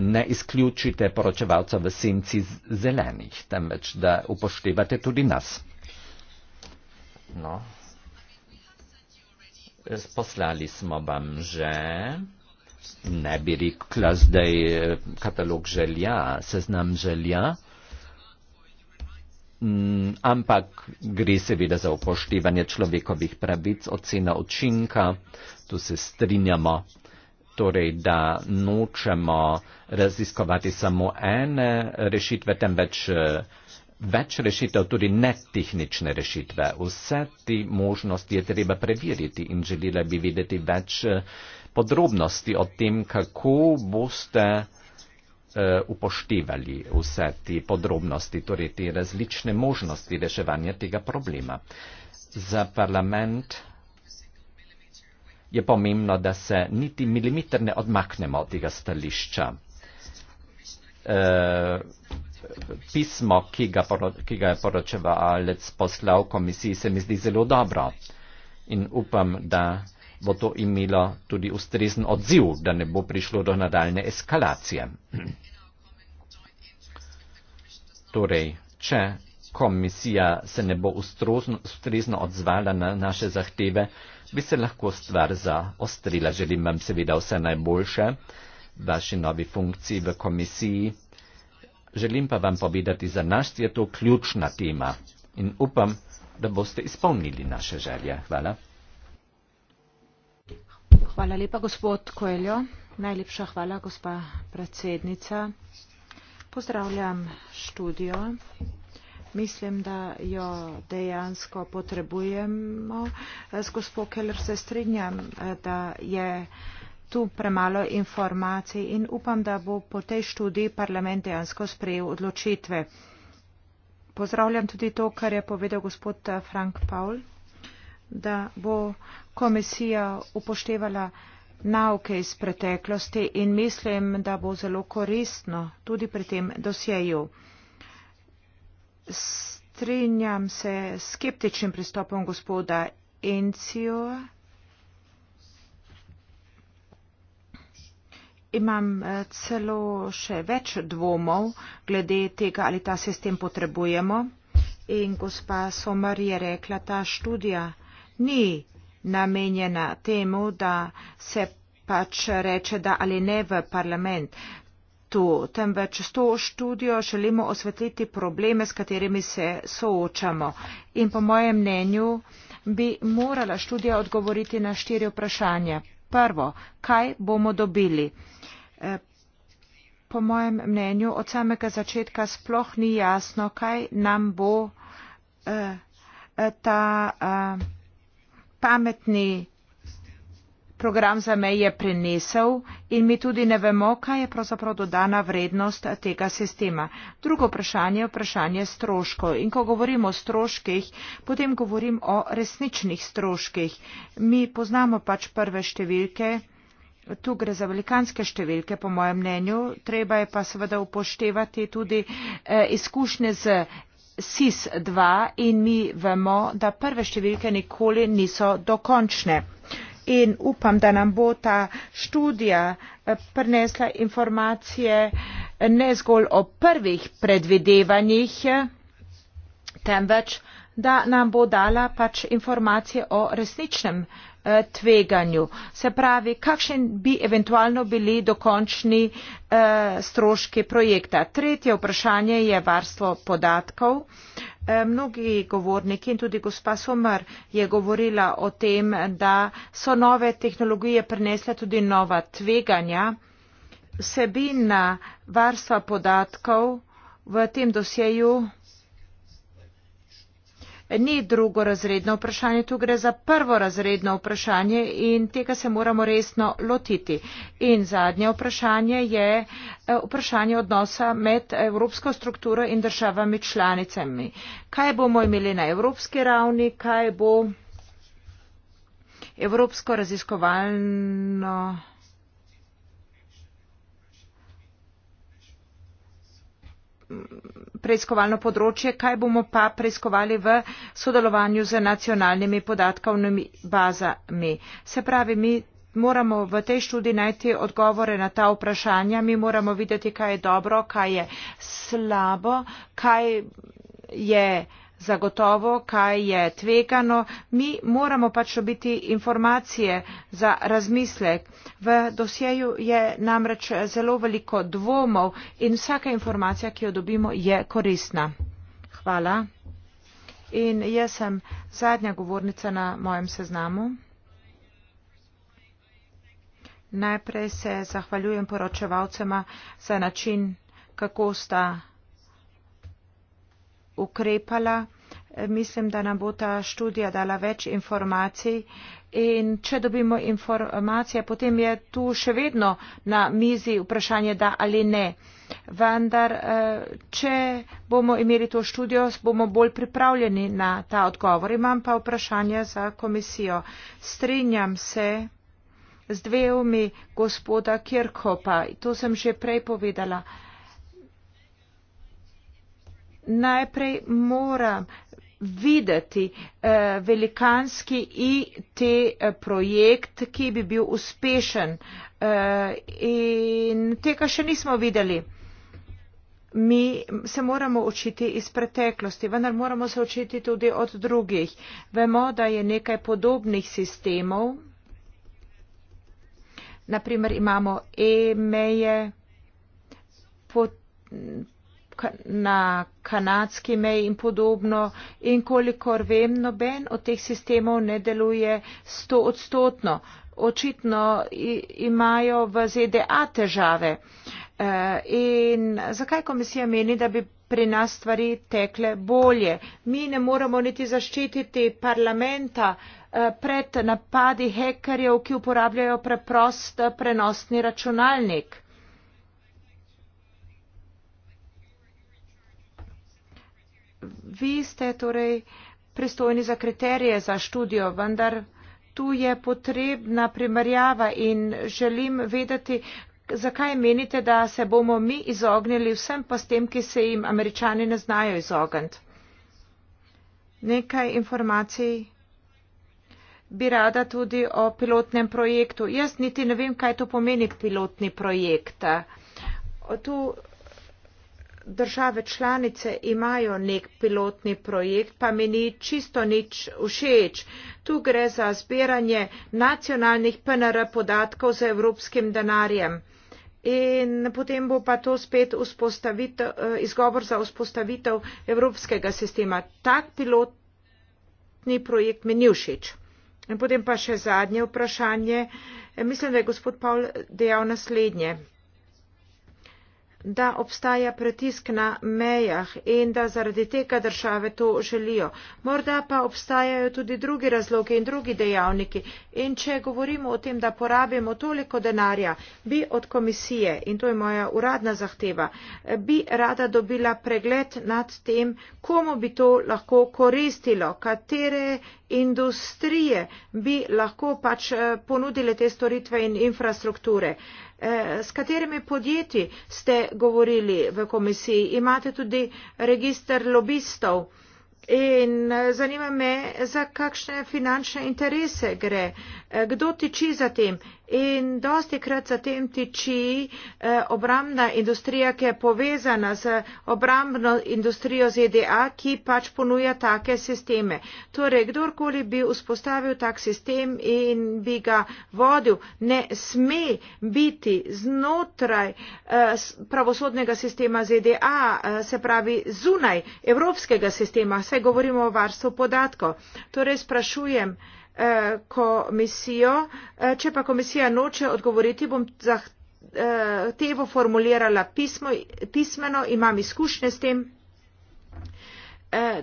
ne izključite poročevalca v senci zelenih, temveč da upoštevate tudi nas. No, poslali smo vam že, ne bi rekla zdaj eh, katalog želja, seznam želja, mm, ampak gre seveda za upoštevanje človekovih pravic, ocena učinka, tu se strinjamo, torej da nočemo raziskovati samo ene rešitve, temveč eh, Več rešitev, tudi ne tehnične rešitve. Vse te možnosti je treba preveriti in želela bi videti več eh, podrobnosti o tem, kako boste eh, upoštevali vse te podrobnosti, torej te različne možnosti reševanja tega problema. Za parlament je pomembno, da se niti milimeter ne odmaknemo od tega stališča. E, pismo, ki ga, poro, ki ga je poročevalec poslal komisiji, se mi zdi zelo dobro in upam, da bo to imelo tudi ustrezen odziv, da ne bo prišlo do nadaljne eskalacije. <clears throat> Torej, če komisija se ne bo ustrozno, ustrezno odzvala na naše zahteve, bi se lahko stvar zaostrila. Želim vam seveda vse najboljše v vaši novi funkciji v komisiji želim pa vam povedati, za nas je to ključna tema in upam, da boste izpolnili naše želje. Hvala. Hvala lepa, gospod Koeljo. Najlepša hvala, gospa predsednica. Pozdravljam študijo. Mislim, da jo dejansko potrebujemo. Z gospod Keller se strinjam, da je tu premalo informacij in upam, da bo po tej študiji parlament dejansko sprejel odločitve. Pozdravljam tudi to, kar je povedal gospod eh, Frank Paul, da bo komisija upoštevala nauke iz preteklosti in mislim, da bo zelo koristno tudi pri tem dosjeju. Strinjam se skeptičnim pristopom gospoda Encioa imam eh, celo še več dvomov glede tega, ali ta sistem potrebujemo. In gospa Somar je rekla, ta študija ni namenjena temu, da se pač reče, da ali ne v parlament. Tu, temveč s to študijo želimo osvetliti probleme, s katerimi se soočamo. In po mojem mnenju bi morala študija odgovoriti na štiri vprašanja prvo, kaj bomo dobili. E, po mojem mnenju od samega začetka sploh ni jasno, kaj nam bo e, e, ta pametni program za me je prenesel in mi tudi ne vemo, kaj je pravzaprav dodana vrednost tega sistema. Drugo vprašanje je vprašanje stroškov. In ko govorim o stroških, potem govorim o resničnih stroških. Mi poznamo pač prve številke. Tu gre za velikanske številke, po mojem mnenju. Treba je pa seveda upoštevati tudi eh, izkušnje z. SIS-2 in mi vemo, da prve številke nikoli niso dokončne. Uh, in upam da nam bo ta študija eh, prinesla informacije eh, ne zgolj o prvih predvidevanjih eh, temveč da nam bo dala pač informacije o resničnem Eh, tveganju. Se pravi, kakšen bi eventualno bili dokončni eh, stroški projekta. Tretje vprašanje je varstvo podatkov. Eh, mnogi govorniki in tudi gospa Somar je govorila o tem, da so nove tehnologije prinesle tudi nova tveganja. Vsebina varstva podatkov v tem dosjeju ni drugorazredno vprašanje, tu gre za prvorazredno vprašanje in tega se moramo resno lotiti. In zadnje vprašanje je eh, vprašanje odnosa med evropsko strukturo in državami članicami. Kaj bomo imeli na evropski ravni, kaj bo evropsko raziskovalno. preiskovalno področje, kaj bomo pa preiskovali v sodelovanju z nacionalnimi podatkovnimi bazami. Se pravi, mi moramo v tej študiji najti odgovore na ta vprašanja, mi moramo videti, kaj je dobro, kaj je slabo, kaj je zagotovo, kaj je tvegano. Mi moramo pač dobiti informacije za razmislek. V dosjeju je namreč zelo veliko dvomov in vsaka informacija, ki jo dobimo, je koristna. Hvala. In jaz sem zadnja govornica na mojem seznamu. Najprej se zahvaljujem poročevalcema za način, kako sta ukrepala. Eh, mislim, da nam bo ta študija dala več informacij. In če dobimo informacije, potem je tu še vedno na mizi vprašanje, da ali ne. Vendar, eh, če bomo imeli to študijo, bomo bolj pripravljeni na ta odgovor. Imam pa vprašanje za komisijo. Strinjam se z dvemi gospoda Kirkopa. To sem že prej povedala najprej mora videti eh, velikanski IT eh, projekt, ki bi bil uspešen. Eh, in tega še nismo videli. Mi se moramo učiti iz preteklosti, vendar moramo se učiti tudi od drugih. Vemo, da je nekaj podobnih sistemov. Naprimer imamo e-meje, na kanadski meji in podobno. In kolikor vem, noben od teh sistemov ne deluje sto odstotno. Očitno imajo v ZDA težave. Eh, in zakaj komisija meni, da bi pri nas stvari tekle bolje? Mi ne moremo niti zaščititi parlamenta eh, pred napadi hekerjev, ki uporabljajo preprost eh, prenosni računalnik. vi ste torej pristojni za kriterije za študijo, vendar tu je potrebna primerjava in želim vedeti, zakaj menite, da se bomo mi izognili vsem pa s tem, ki se jim američani ne znajo izogniti. Nekaj informacij bi rada tudi o pilotnem projektu. Jaz niti ne vem, kaj to pomeni pilotni projekt. Tu države članice imajo nek pilotni projekt, pa mi ni čisto nič všeč. Tu gre za zbiranje nacionalnih PNR podatkov z evropskim denarjem. In potem bo pa to spet eh, izgovor za vzpostavitev evropskega sistema. Tak pilotni projekt mi ni všeč. In potem pa še zadnje vprašanje. Eh, mislim, da je gospod Pavl dejal naslednje da obstaja pritisk na mejah in da zaradi tega države to želijo. Morda pa obstajajo tudi drugi razloge in drugi dejavniki. In če govorimo o tem, da porabimo toliko denarja, bi od komisije, in to je moja uradna zahteva, bi rada dobila pregled nad tem, komu bi to lahko koristilo, katere industrije bi lahko pač eh, ponudile te storitve in infrastrukture. Eh, s katerimi podjetji ste govorili v komisiji? Imate tudi registr lobistov in eh, zanima me, za kakšne finančne interese gre. Eh, kdo tiči za tem. In dosti krat za tem tiči eh, obrambna industrija, ki je povezana z obrambno industrijo ZDA, ki pač ponuja take sisteme. Torej, kdorkoli bi vzpostavil tak sistem in bi ga vodil, ne sme biti znotraj eh, pravosodnega sistema ZDA, se pravi zunaj evropskega sistema, saj govorimo o varstvu podatkov. Torej, sprašujem, komisijo. E, če pa komisija noče odgovoriti, bom zahtevo e, formulirala pismo, pismeno, imam izkušnje s tem. E,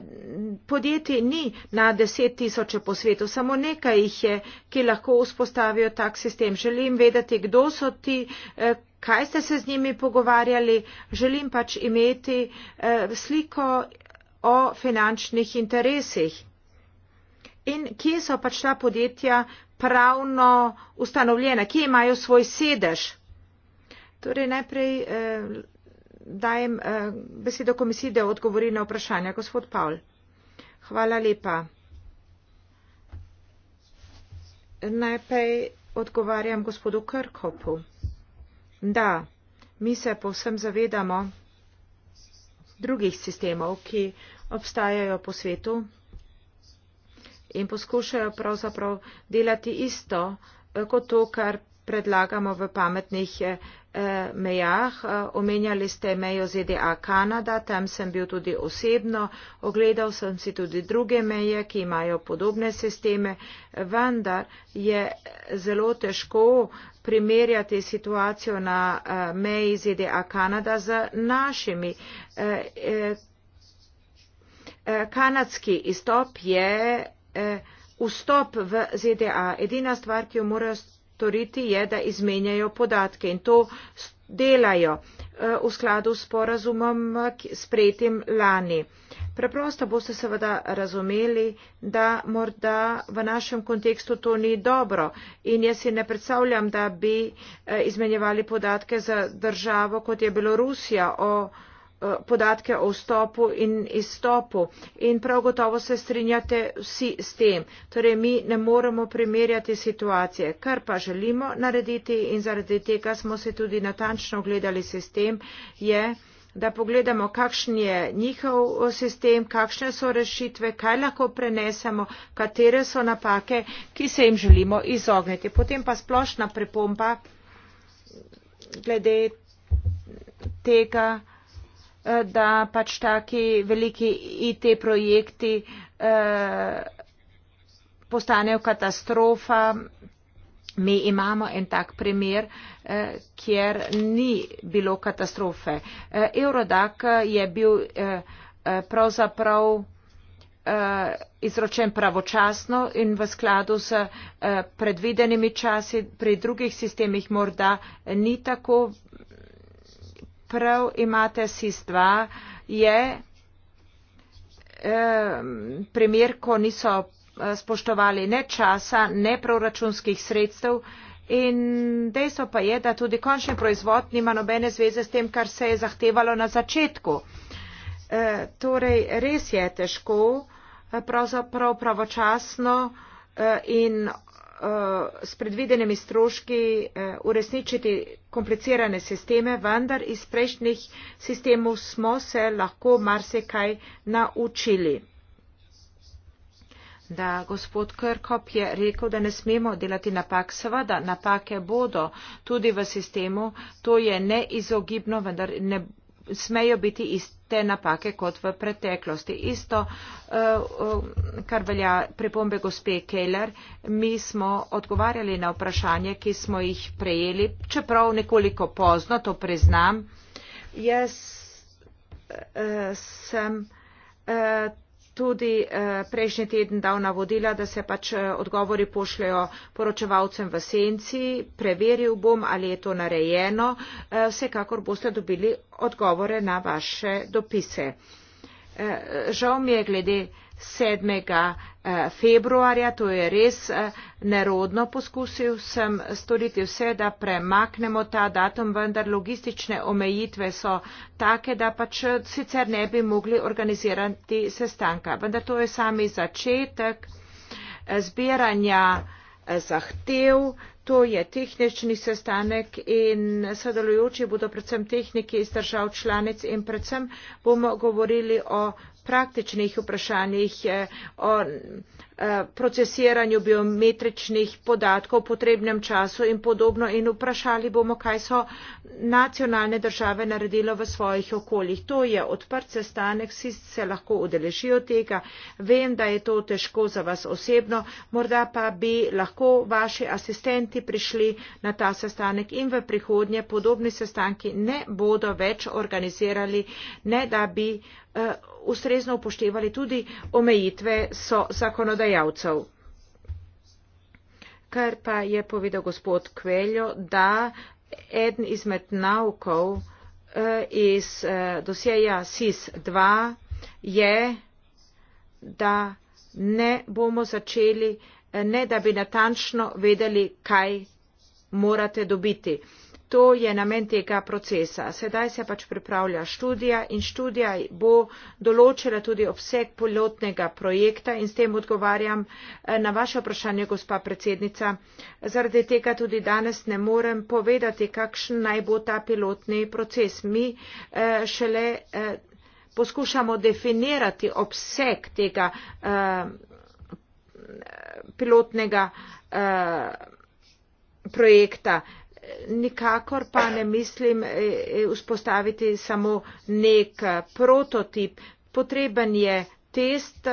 podjetij ni na deset tisoče po svetu, samo nekaj jih je, ki lahko vzpostavijo tak sistem. Želim vedeti, kdo so ti, kaj ste se z njimi pogovarjali. Želim pač imeti sliko o finančnih interesih. In kje so pač ta podjetja pravno ustanovljena, kje imajo svoj sedež? Torej, najprej eh, dajem eh, besedo komisiji, da odgovori na vprašanja. Gospod Pavl, hvala lepa. Najprej odgovarjam gospodu Krkopu. Da, mi se povsem zavedamo drugih sistemov, ki obstajajo po svetu in poskušajo pravzaprav delati isto eh, kot to, kar predlagamo v pametnih eh, eh, mejah. Omenjali ste mejo ZDA Kanada, tam sem bil tudi osebno, ogledal sem si tudi druge meje, ki imajo podobne sisteme, vendar je zelo težko primerjati situacijo na meji ZDA Kanada z našimi. Kanadski izstop je Eh, vstop v ZDA. Edina stvar, ki jo morajo storiti, je, da izmenjajo podatke in to delajo eh, v skladu s porazumom sprejetim lani. Preprosto boste seveda razumeli, da morda v našem kontekstu to ni dobro in jaz si ne predstavljam, da bi eh, izmenjevali podatke za državo, kot je bilo Rusija o Eh, podatke o vstopu in izstopu in prav gotovo se strinjate vsi s tem. Torej, mi ne moremo primerjati situacije, kar pa želimo narediti in zaradi tega smo se tudi natančno ogledali sistem, je, da pogledamo, kakšen je njihov eh, sistem, kakšne so rešitve, kaj lahko prenesemo, katere so napake, ki se jim želimo izogniti. Potem pa splošna pripomba glede tega, da pač taki veliki IT projekti eh, postanejo katastrofa. Mi imamo en tak primer, eh, kjer ni bilo katastrofe. Eh, Eurodak je bil pravzaprav izročen pravočasno in v skladu s predvidenimi časi pri drugih sistemih morda ni tako prav imate SIS-2, je primer, ko niso eh, spoštovali ne časa, ne proračunskih sredstev in dejstvo pa je, da tudi končni proizvod nima nobene zveze s tem, kar se je zahtevalo na začetku. Eh, torej, res je težko, eh, pravzaprav pravočasno in Eh, s predvidenimi stroški eh, uresničiti komplicirane sisteme, vendar iz prejšnjih sistemov smo se lahko marsikaj naučili. Da, gospod Krkop je rekel, da ne smemo delati napak. Seveda, napake bodo tudi v sistemu, to je neizogibno, vendar ne smejo biti iste napake kot v preteklosti. Isto, eh, eh, kar velja pripombe gospe Keller, mi smo odgovarjali na vprašanje, ki smo jih prejeli, čeprav nekoliko pozno, to priznam. Jaz eh, sem tudi eh, prejšnji teden dal navodila, da se pač eh, odgovori pošljajo poročevalcem v senci. Preveril bom, ali je to narejeno. Eh, vsekakor boste dobili odgovore na vaše dopise. Žal mi je glede 7. Eh, februarja, to je res eh, nerodno, poskusil sem storiti vse, da premaknemo ta datum, vendar logistične omejitve so take, da pač eh, sicer ne bi mogli organizirati sestanka. Vendar to je sami začetek zbiranja zahtev, to je tehnični sestanek in sodelujoči bodo predvsem tehniki iz držav članic in predvsem bomo govorili o praktičnih vprašanjih eh, o Eh, procesiranju biometričnih podatkov v potrebnem času in podobno in vprašali bomo, kaj so nacionalne države naredile v svojih okoljih. To je odprt sestanek, vsi se lahko udeležijo tega. Vem, da je to težko za vas osebno, morda pa bi lahko vaši asistenti prišli na ta sestanek in v prihodnje podobni sestanki ne bodo več organizirali, ne da bi uh, ustrezno upoštevali tudi omejitve so zakonodaje delodajalcev. Kar pa je povedal gospod Kveljo, da eden izmed naukov eh, iz eh, dosjeja SIS-2 je, da ne bomo začeli, eh, ne da bi natančno vedeli, kaj morate dobiti. To je namen tega procesa. Sedaj se pač pripravlja študija in študija bo določila tudi obseg pilotnega projekta in s tem odgovarjam eh, na vaše vprašanje, gospa predsednica. Zaradi tega tudi danes ne morem povedati, kakšen naj bo ta pilotni proces. Mi eh, šele eh, poskušamo definirati obseg tega pilotnega projekta nikakor pa ne mislim e, e, vzpostaviti samo nek e, prototip. Potreben je test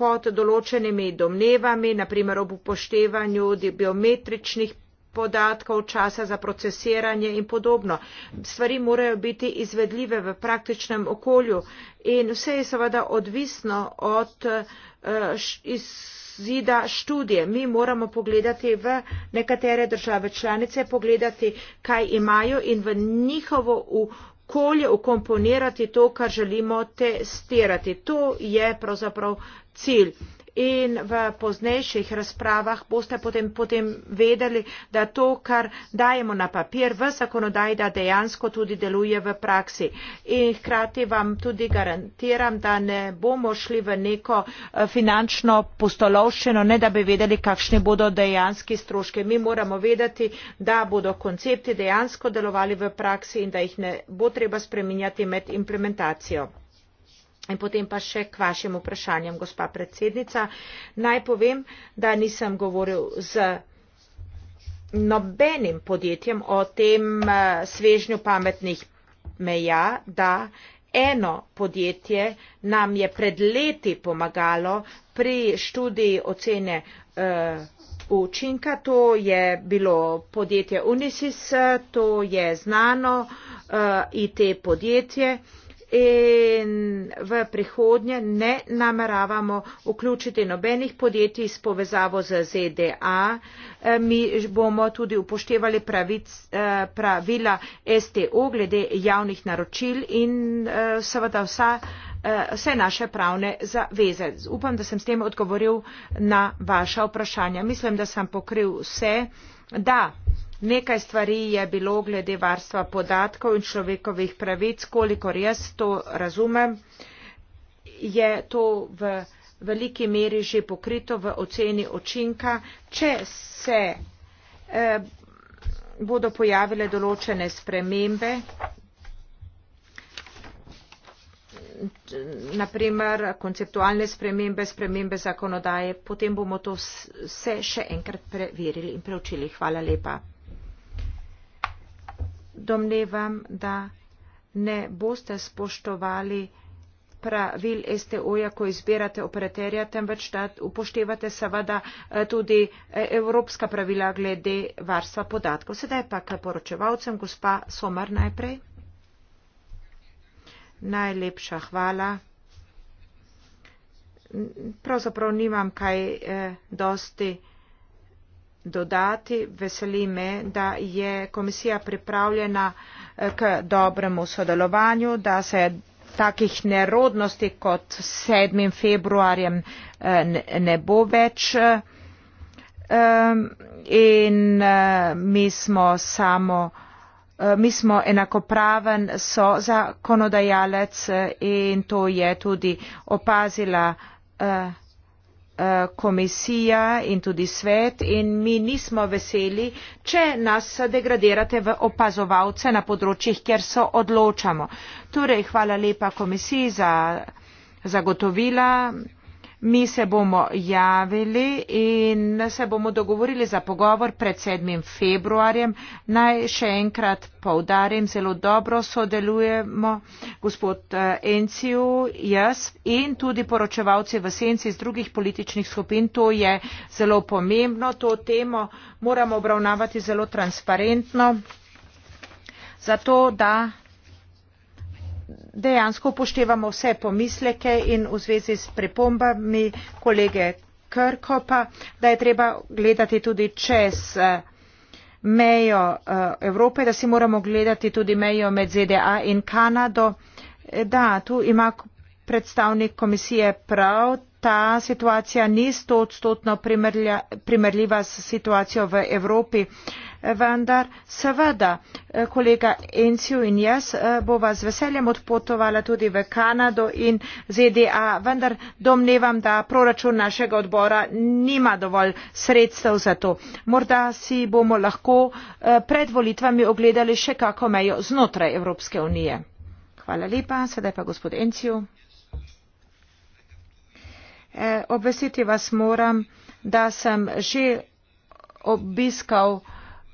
pod določenimi domnevami, naprimer ob upoštevanju biometričnih podatkov, časa za procesiranje in podobno. Stvari morajo biti izvedljive v praktičnem okolju in vse je seveda odvisno od eh, izida študije. Mi moramo pogledati v nekatere države članice, pogledati, kaj imajo in v njihovo okolje ukomponirati to, kar želimo testirati. To je pravzaprav cilj in v poznejših razpravah boste potem, potem vedeli, da to, kar dajemo na papir v zakonodaj, da dejansko tudi deluje v praksi. In hkrati vam tudi garantiram, da ne bomo šli v neko eh, finančno postolovščino, ne da bi vedeli, kakšni bodo dejanski stroške. Mi moramo vedeti, da bodo koncepti dejansko delovali v praksi in da jih ne bo treba spreminjati med implementacijo. In potem pa še k vašim vprašanjem, gospa predsednica. Naj povem, da nisem govoril z nobenim podjetjem o tem eh, svežnju pametnih meja, da eno podjetje nam je pred leti pomagalo pri študiji ocene uh, učinka. To je bilo podjetje Unisys, to je znano uh, eh, IT podjetje. Uh, in v prihodnje ne nameravamo vključiti nobenih podjetij s povezavo z ZDA. E, mi bomo tudi upoštevali pravic, e, pravila STO glede javnih naročil in e, seveda vsa, vse naše pravne zaveze. Upam, da sem s tem odgovoril na vaša vprašanja. Mislim, da sem pokril vse. Da, Nekaj stvari je bilo glede varstva podatkov in človekovih pravic, kolikor jaz to razumem, je to v veliki meri že pokrito v oceni očinka. Če se eh, bodo pojavile določene spremembe, naprimer konceptualne spremembe, spremembe zakonodaje, potem bomo to vse še enkrat preverili in preučili. Hvala lepa domnevam, da ne boste spoštovali pravil STO-ja, ko izbirate operaterja, temveč da upoštevate seveda eh, tudi eh, evropska pravila glede varstva podatkov. Sedaj pa k poročevalcem, gospa Somar najprej. Najlepša hvala. Pravzaprav nimam kaj eh, dosti dodati. Veseli me, da je komisija pripravljena eh, k dobremu sodelovanju, da se takih nerodnosti kot 7. februarjem eh, ne bo več. Eh, in mi smo samo. Mi smo enakopraven so zakonodajalec in to je tudi opazila. Uh Eh, komisija in tudi svet in mi nismo veseli, če nas degradirate v opazovalce na področjih, kjer se odločamo. Torej, hvala lepa komisiji za zagotovila. Mi se bomo javili in se bomo dogovorili za pogovor pred 7. februarjem. Naj še enkrat povdarim, zelo dobro sodelujemo gospod eh, Enciu, jaz in tudi poročevalci v senci iz drugih političnih skupin. To je zelo pomembno. To temo moramo obravnavati zelo transparentno, zato da dejansko upoštevamo vse pomisleke in v zvezi s pripombami kolege Krkopa, da je treba gledati tudi čez eh, mejo eh, Evrope, da si moramo gledati tudi mejo med ZDA in Kanado. Eh, da, tu ima predstavnik komisije prav, ta situacija ni stotstotno primerljiva s situacijo v Evropi. Uh, vendar seveda eh, kolega Enciu in jaz eh, bova z veseljem odpotovala tudi v Kanado in ZDA, vendar domnevam, da proračun našega odbora nima dovolj sredstev za to. Morda si bomo lahko eh, pred volitvami ogledali še kako mejo znotraj Evropske unije. Hvala lepa, sedaj pa gospod Enciu. Obvestiti vas moram, da sem že obiskal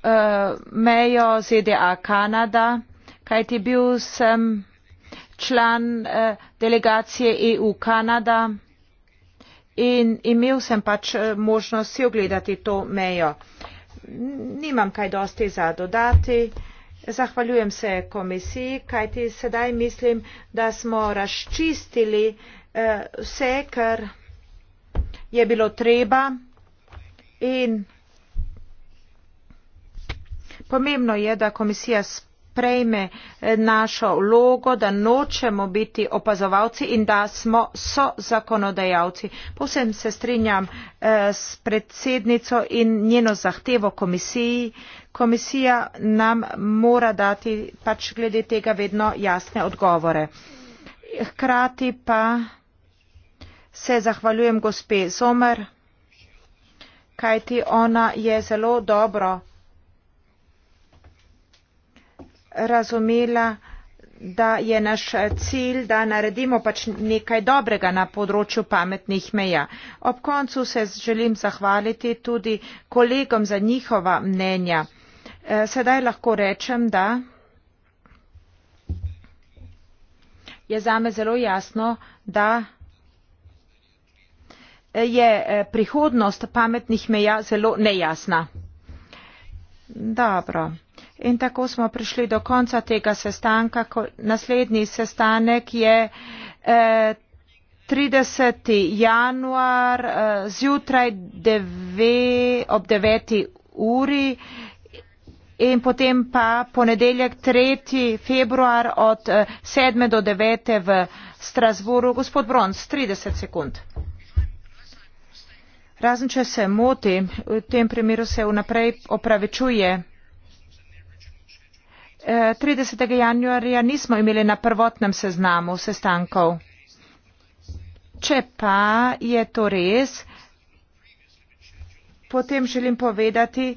Eh, mejo zda kanada kajti bil sem član eh, delegacije eu kanada in imel sem pač eh, možnost si ogledati to mejo nimam kaj dosti za dodati zahvaljujem se komisiji kajti sedaj mislim da smo razčistili vse kar je bilo treba in pomembno je da komisija sprejme eh, našo vlogo da nočemo biti opazovalci in da smo sozakonodajalci. povsem se strinjam eh, s predsednico in njeno zahtevo komisiji komisija nam mora dati pač glede tega vedno jasne odgovore hkrati pa se zahvaljujem gospe sommer kajti ona je zelo dobro razumela, da je naš cilj, da naredimo pač nekaj dobrega na področju pametnih meja. Ob koncu se želim zahvaliti tudi kolegom za njihova mnenja. Eh, sedaj lahko rečem, da je zame zelo jasno, da je eh, prihodnost pametnih meja zelo nejasna. Dobro. In tako smo prišli do konca tega sestanka. Naslednji sestanek je eh, 30. januar eh, zjutraj deve, ob 9. uri in potem pa ponedeljek 3. februar od eh, 7. do 9. v Strasburu. Gospod Bronc, 30 sekund. Razen če se motim, v tem primeru se vnaprej opravičuje. 30. januarja nismo imeli na prvotnem seznamu sestankov. Če pa je to res, potem želim povedati,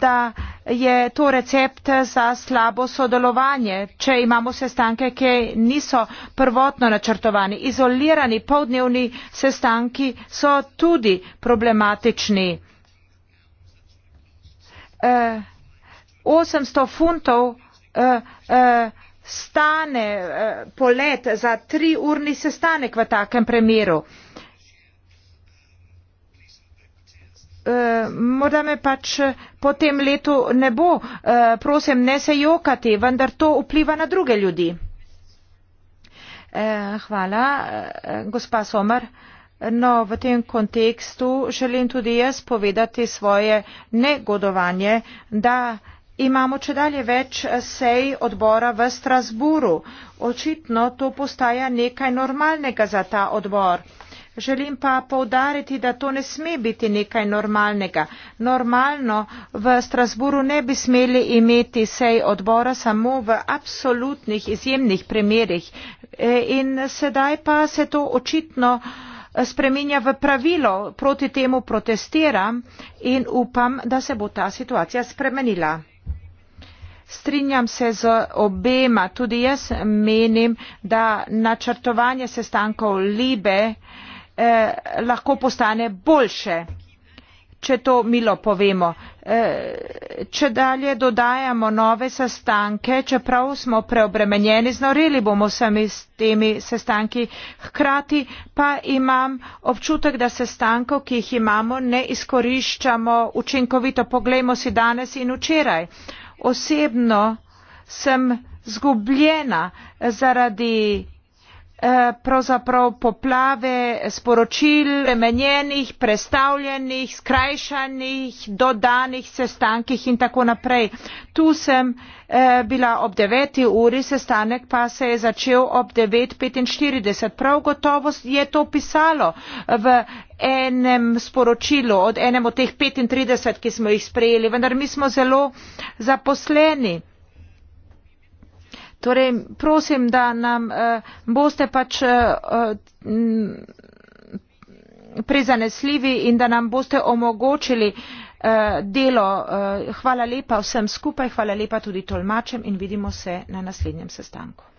da je to recept za slabo sodelovanje, če imamo sestanke, ki niso prvotno načrtovani. Izolirani povdnevni sestanki so tudi problematični. Uh, 800 funtov uh, uh, stane uh, polet za tri urni sestanek v takem primeru. Uh, morda me pač po tem letu ne bo, uh, prosim, ne se jokati, vendar to vpliva na druge ljudi. Uh, hvala, uh, gospa Somer. No, v tem kontekstu želim tudi jaz povedati svoje negodovanje, da. Imamo če dalje več eh, sej odbora v Strasburu. Očitno to postaja nekaj normalnega za ta odbor. Želim pa povdariti, da to ne sme biti nekaj normalnega. Normalno v Strasburu ne bi smeli imeti sej odbora samo v absolutnih izjemnih primerih. E, in sedaj pa se to očitno eh, spreminja v pravilo. Proti temu protestiram in upam, da se bo ta situacija spremenila. Strinjam se z obema. Tudi jaz menim, da načrtovanje sestankov Libe eh, lahko postane boljše, če to milo povemo. Eh, če dalje dodajamo nove sestanke, čeprav smo preobremenjeni, znoreli bomo sami s temi sestanki. Hkrati pa imam občutek, da sestankov, ki jih imamo, ne izkoriščamo učinkovito. Poglejmo si danes in včeraj. Eh, osebno sem zgubljena zaradi Eh, pravzaprav poplave sporočil spremenjenih prestavljenih skrajšanih dodanih sestankih in tako naprej tu sem eh, bila ob devet uri sestanek pa se je začel ob devet petinštirideset prav gotovo je to pisalo v enem sporočilu od enem od teh petintrideset ki smo jih sprejeli vendar mi smo zelo zaposleni Torej, prosim, da nam uh, boste pač uh, prizanesljivi in da nam boste omogočili uh, delo. Uh, hvala lepa vsem skupaj, hvala lepa tudi tolmačem in vidimo se na naslednjem sestanku.